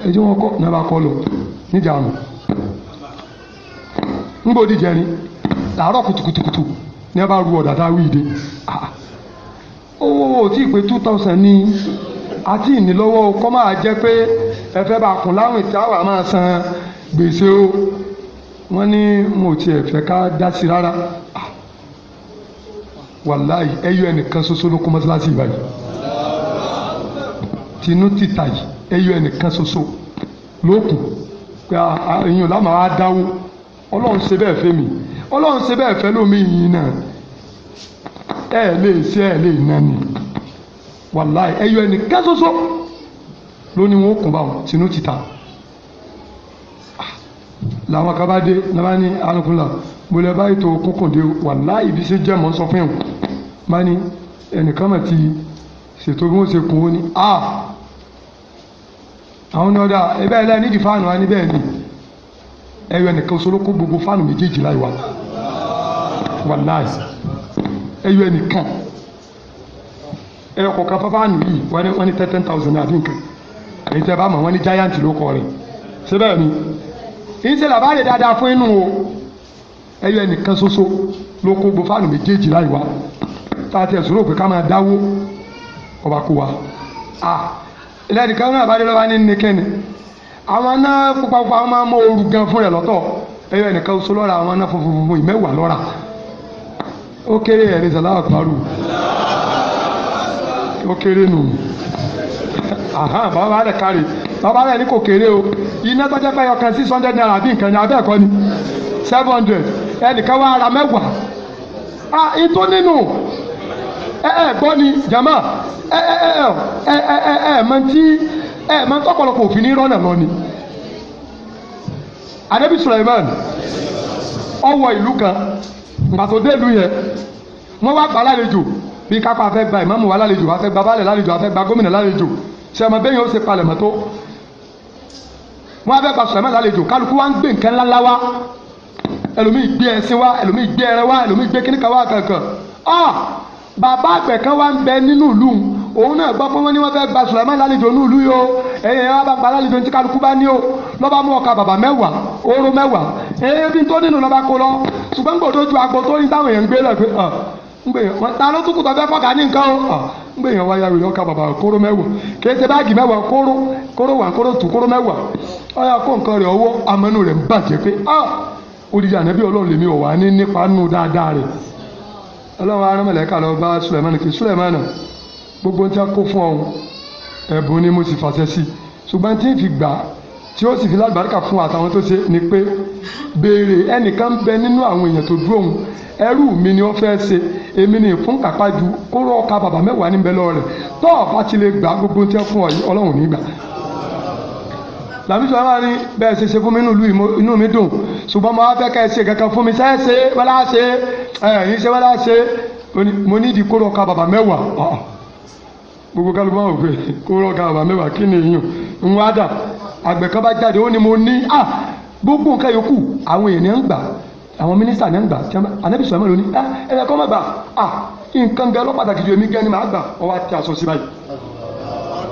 ẹjọ́ wọn kọ́ nàbàkọ́ lọ níjà àmọ́ ńgbòdì làárọ̀ a bá ru ọ̀dà tá owó ah, ah. pé two thousand ní àti ìnílọ́wọ́ kọ́ máa jẹ́ pé bá máa san gbèsè o wọ́n ní mo tiẹ̀ fẹ́ ká wàláyì ẹyọ ẹnìkan ṣoṣo ló kọ́ mọ́ṣáláṣí báyìí tinú tìta yìí ẹyọ ẹnìkan ṣoṣo ló kù pé ẹ̀yin ọ̀la máa dáwó ọlọ́run ṣe bẹ́ẹ̀ fẹ́ mi ọlọ́run ṣe bẹ́ẹ̀ fẹ́ lómi yìí náà ẹ̀ lè ṣe ẹ̀ lè nà ni wàláyì ẹyọ ẹnìkan ṣoṣo ló ní wọn ó kún báwọn tinú tìta ah, làwọn kan làwọn ní alùpùpù là bọ̀lẹ̀ báyìí tó kókòndé wàláyì bí ṣe jẹ́ mọ́ sọ fún yàn. bá ní ẹnìkan mà ti ṣètò bí wọ́n ṣe kún ó a àwọn ní nídìí fáànù wa ni ẹnìkan gbogbo fáànù méjèèjì láì wá wà láì ẹnìkan ẹ̀yọ kọ̀ọ̀kan fáànù yìí wọ́n ní ten thousand àbí nǹkan èyí tẹ́ bá mọ̀ ní ló rẹ̀ síbẹ̀ o ẹyọ ẹnìkan ṣoṣo ló kó gbogbo fáànù méjèèjì láì wá tá a tiẹ̀ sọ̀rọ̀ pé ká máa dáwó ọba kó wa a lẹ́nìkan náà bá dé lọ́wọ́ ní nìkẹ́ni àwọn náà pupapupa wọn máa mọ ooru gan fún rẹ̀ lọ́tọ̀ ẹ̀yọ ẹnìkan oṣù lọ́ra àwọn náà funfunfun ìmẹ́wàá lọ́ra ó kéré ẹ̀rí sàlá àkùbárù ó kéré nù bàbá rẹ̀ kárì bàbá rẹ̀ ní kò kéré o iná tọ́jà pé ọkàn six hundred naira bí nǹkan ní abẹ́ ẹ̀kọ́ ni seven hundred ẹnìkan wá ara mẹ́wàá ah ìtó nínú ẹ eh, ẹ eh, gbọ́ ni jama ẹ ẹ ẹ ẹ ẹ ẹ ẹ mọ tí ẹ eh, mọ tọpọlọpọ òfin ní rọnà lọ ni anabi Sulaiman ọwọ ìlú kan gbàtò dé ìlú yẹn wọn wá gbà lálejò bí kápá fẹ́ gba ìmáàmù wa lálejò afẹ́ gba baálẹ̀ lálejò afẹ́ gba gómìnà lálejò sẹmọ bẹyìn ó ṣe palẹ̀ mọ́tò wọn afẹ́ gba Sulaiman lálejò kálukú wa ń gbé nǹkan ńláńlá wa ẹlòmíì gbé ẹsìn wa ẹlòmíì gbé ẹran wa ẹlòmíì gbé kíníkà wa kankan ah Baba àgbẹ̀ kan wá ń bẹ nínú ìlú òun náà gbọ́ pé wọ́n ní wọ́n fẹ́ gba Sulaiman lálejò ní ìlú yìí o ẹ̀yìn ẹ̀yìn wọn bá lálejò ní kálukú bá ní o lọ́ba mú ọkà bàbà mẹ́wàá oró mẹ́wàá ebi tó nínú lọ́ba kó lọ ṣùgbọ́n gbòdó ju agbo tó ní táwọn èèyàn ń gbé lọ pé ọ̀ ngbèyàn ta ló tún kùtọ̀ fẹ́ fọ́ka ní nǹkan o ngbèyàn wáyà ọlọ́run arán mọ̀lẹ́kà lọ bá sulemani kí sulemani gbogbo tí a kó fún ọ̀hún ẹ̀bùn ni mo sì fàṣẹ sí ṣùgbọ́n tí n fi gbà tí ó sì fi lágbàríkà fún àtàwọn tó ṣe ni pé béèrè ẹnìkan ń bẹ nínú àwọn èèyàn tó dúró òun ẹrú mi ni wọ́n fẹ́ ṣe èmi ni ìfún kápá ju kó rọ ọkà bàbà mẹ́wàá níbẹ̀ lọ́ọ́ rẹ̀ ti lè gbà gbogbo tí fún ọ ọlọ́run nígbà làbí sọ wá ní bẹ́ẹ̀ ṣe ṣe fún mi nílùú inú mi dùn ṣùgbọ́n mo wá fẹ́ ká ẹ ṣe kankan fún mi ṣe é ṣe wọ́lá ṣe é ẹ̀yìn ṣe wọ́lá ṣe mo ní ìdí kóró ọkà bàbà mẹ́wàá gbogbo kálukú máa wò pé kóró ọkà bàbà mẹ́wàá kí ni èèyàn ń wá dà àgbẹ̀ kan bá jáde ó ní mo ní à gbogbo nǹkan yòókù àwọn èèyàn ń gbà àwọn mínísítà ní ń gbà ànábì sọ̀rọ̀ mọ́ lónìí ẹ̀ ẹ̀ kọ́ mọ́ gbà à nǹkan gẹ́ lọ́pàtàkì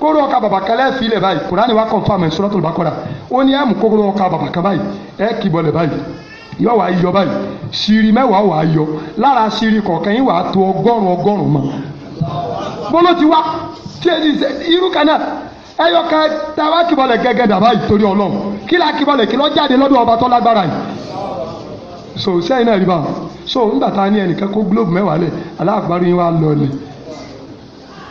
kóró ọkà bàbà kan bai lẹ̀ báyìí wa kọ̀nfàmù Suratul Baqara ó ní ẹ̀mú kóró ọkà bàbà kan báyìí báyìí yọ báyìí siri mẹ́wàá wàá yọ lára siri kọ̀ọ̀kan yín wàá tó ọgọ́rùn ọgọ́rùn mọ́ bóló ti wá irú ẹyọ a gẹ́gẹ́ yìí torí ọlọ́run kí la so sẹ́yìn náà rí a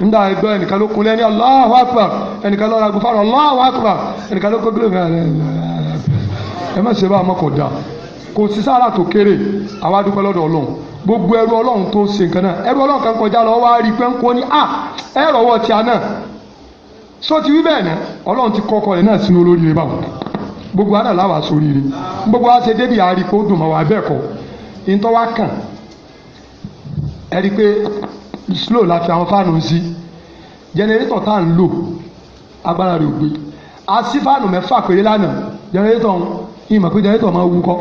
nígbà ẹgbẹ́ ẹnìkan ló kunlẹ̀ ní Allahu Akbar ẹnìkan ló ra gbọ́fà Allahu Akbar ẹnìkan ló kó gílò ẹ má ṣe bá ọmọ kò dáa kò sí sára tó kéré àwa dúpẹ́ lọ́dọ̀ ọlọ́run gbogbo ẹrú ọlọ́run tó ń ṣe nǹkan náà ẹrú ọlọ́run kan kọjá lọ wá rí pé ń kó ní à ah, ẹ rọwọ́ tíá náà só ti wí bẹ́ẹ̀ náà ọlọ́run ti kọ́kọ́ rẹ̀ náà sínú olóríire báwọn gbogbo àná làwà sóríire gbogbo wa ṣe débi àárí pé ó dùn mọ́ wa bẹ́ẹ̀ kọ́ ìtọ́wá kàn ẹ rí i pé slow la fi àwọn fáànù sí jẹnẹrétọ̀ tá à ń lò agbára rẹ̀ ò gbé a sí fáànù mẹ́fà péré lánàá jẹnẹrétọ̀ ìmọ̀ pé jẹnẹrétọ̀ máa wúkọ́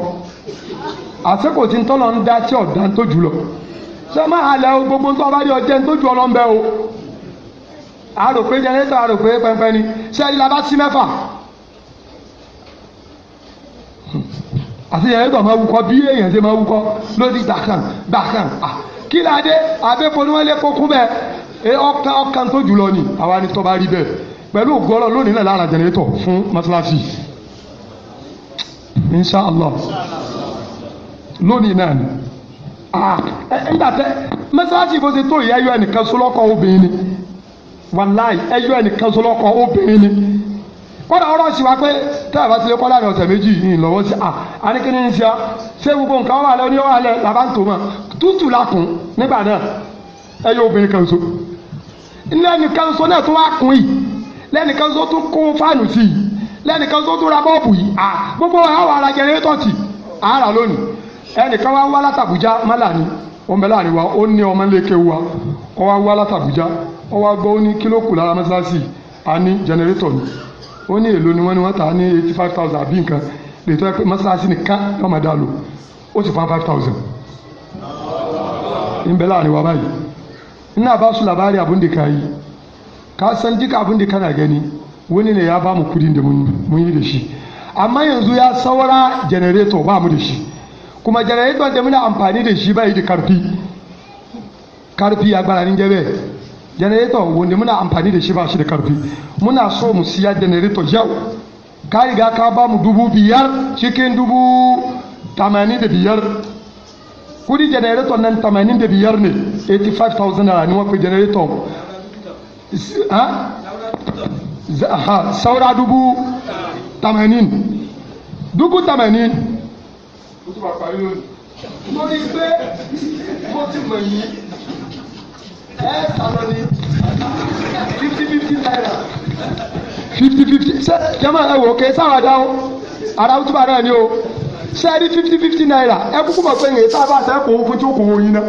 àsìkò tí ń tọ́lọ ń dá tí ọ̀dá ń tójú lọ ṣé má halẹ̀ o gbogbo tó bá rí ọjẹ́ ń tójú ọlọ́ ń bẹ o a rò pé jẹnẹrétọ̀ a rò pé pẹ́ńpẹ́ ni ṣé ẹni la bá sí mẹ́fà hmm. àti jẹnẹrétọ̀ máa wúkọ́ bí èèyàn ṣe máa wúkọ́ lórí gbàkan gbàkan ah kí la dé àbẹ́pọ̀ ni wọ́n lé kókún bẹ́ẹ̀ ọkàn ọkàn tó jùlọ ni àwa ni tó bá rí bẹ́ẹ̀ pẹ̀lú ògbọ́rọ̀ lónìí náà lára jẹnẹrétọ̀ fún mọ́sálásí inṣàlá lónìí náà ni nígbà tẹ mọ́sálásí bó ṣe tó yìí ẹyọ ẹnìkan sọlọ́kọ obìnrin ni wàláì ẹyọ ẹnìkan sọlọ́kọ obìnrin ni kódà ọ̀rọ̀ sì wá pé tẹ́ ẹ̀ bá ti lè kọ́ láàrin ọ̀sẹ̀ méjì yìí lọ́wọ́ sí à àníkíní ń ṣe ṣé gbogbo nǹkan wà lẹ́ oníwà lẹ́ làbá ń tò mọ́ tútù la kùn nígbà náà ẹ yóò obìnrin kan so lẹ́nìkan so náà tó wá kùn yìí lẹ́nìkan so tó kó fáànù sí i lẹ́nìkan so tó ra bọ́ọ̀bù yìí à gbogbo àwọn ara jẹrẹtọ̀ tì àárà lónìí ẹnìkan wá wá látàbújá má lànà wa ó ní ọmọ wa ọ wá wá látàbújá ọ wá gbọ́ ó ní kílókù lára mọ́sálásì a ní jẹnẹrétọ̀ ni ó ní èlò ni wọ́n ní wọ́n ní eighty five thousand àbí nǹkan lè tọ́ ẹ pé mọ́sálásì nìkan ó sì fún five thousand in bala a niwa bai ina ba su labari abin da ka yi ka san duk abin da kana gani wani ne ya ba mu kudin da mun yi da shi amma yanzu ya saura janareto ba mu da shi kuma janareto da muna amfani da shi bai da karfi karfi ya baranin gebe janareto wanda muna amfani da shi ba shi da karfi muna so mu siya janareto yau ka riga ka ba mu dubu biyar cikin dubu tamanin da biyar kudi generator nan tamanin da biyar ne 85,000 naira ni wakwa generator ha saura dubu tamanin dubu tamanin lórí pé mo ti mọ̀ yín ẹ sàlọ ni fifty fifty naira 50 fifty ṣé jẹ́mọ̀ ẹ wò ó ké sáwà dáhùn ara ó túbọ̀ náà ni o ṣe rí fifty fifty naira ẹ kúkú mọ̀ pé èyí tá a bá sẹ́kù fún tí ó kù yín náà.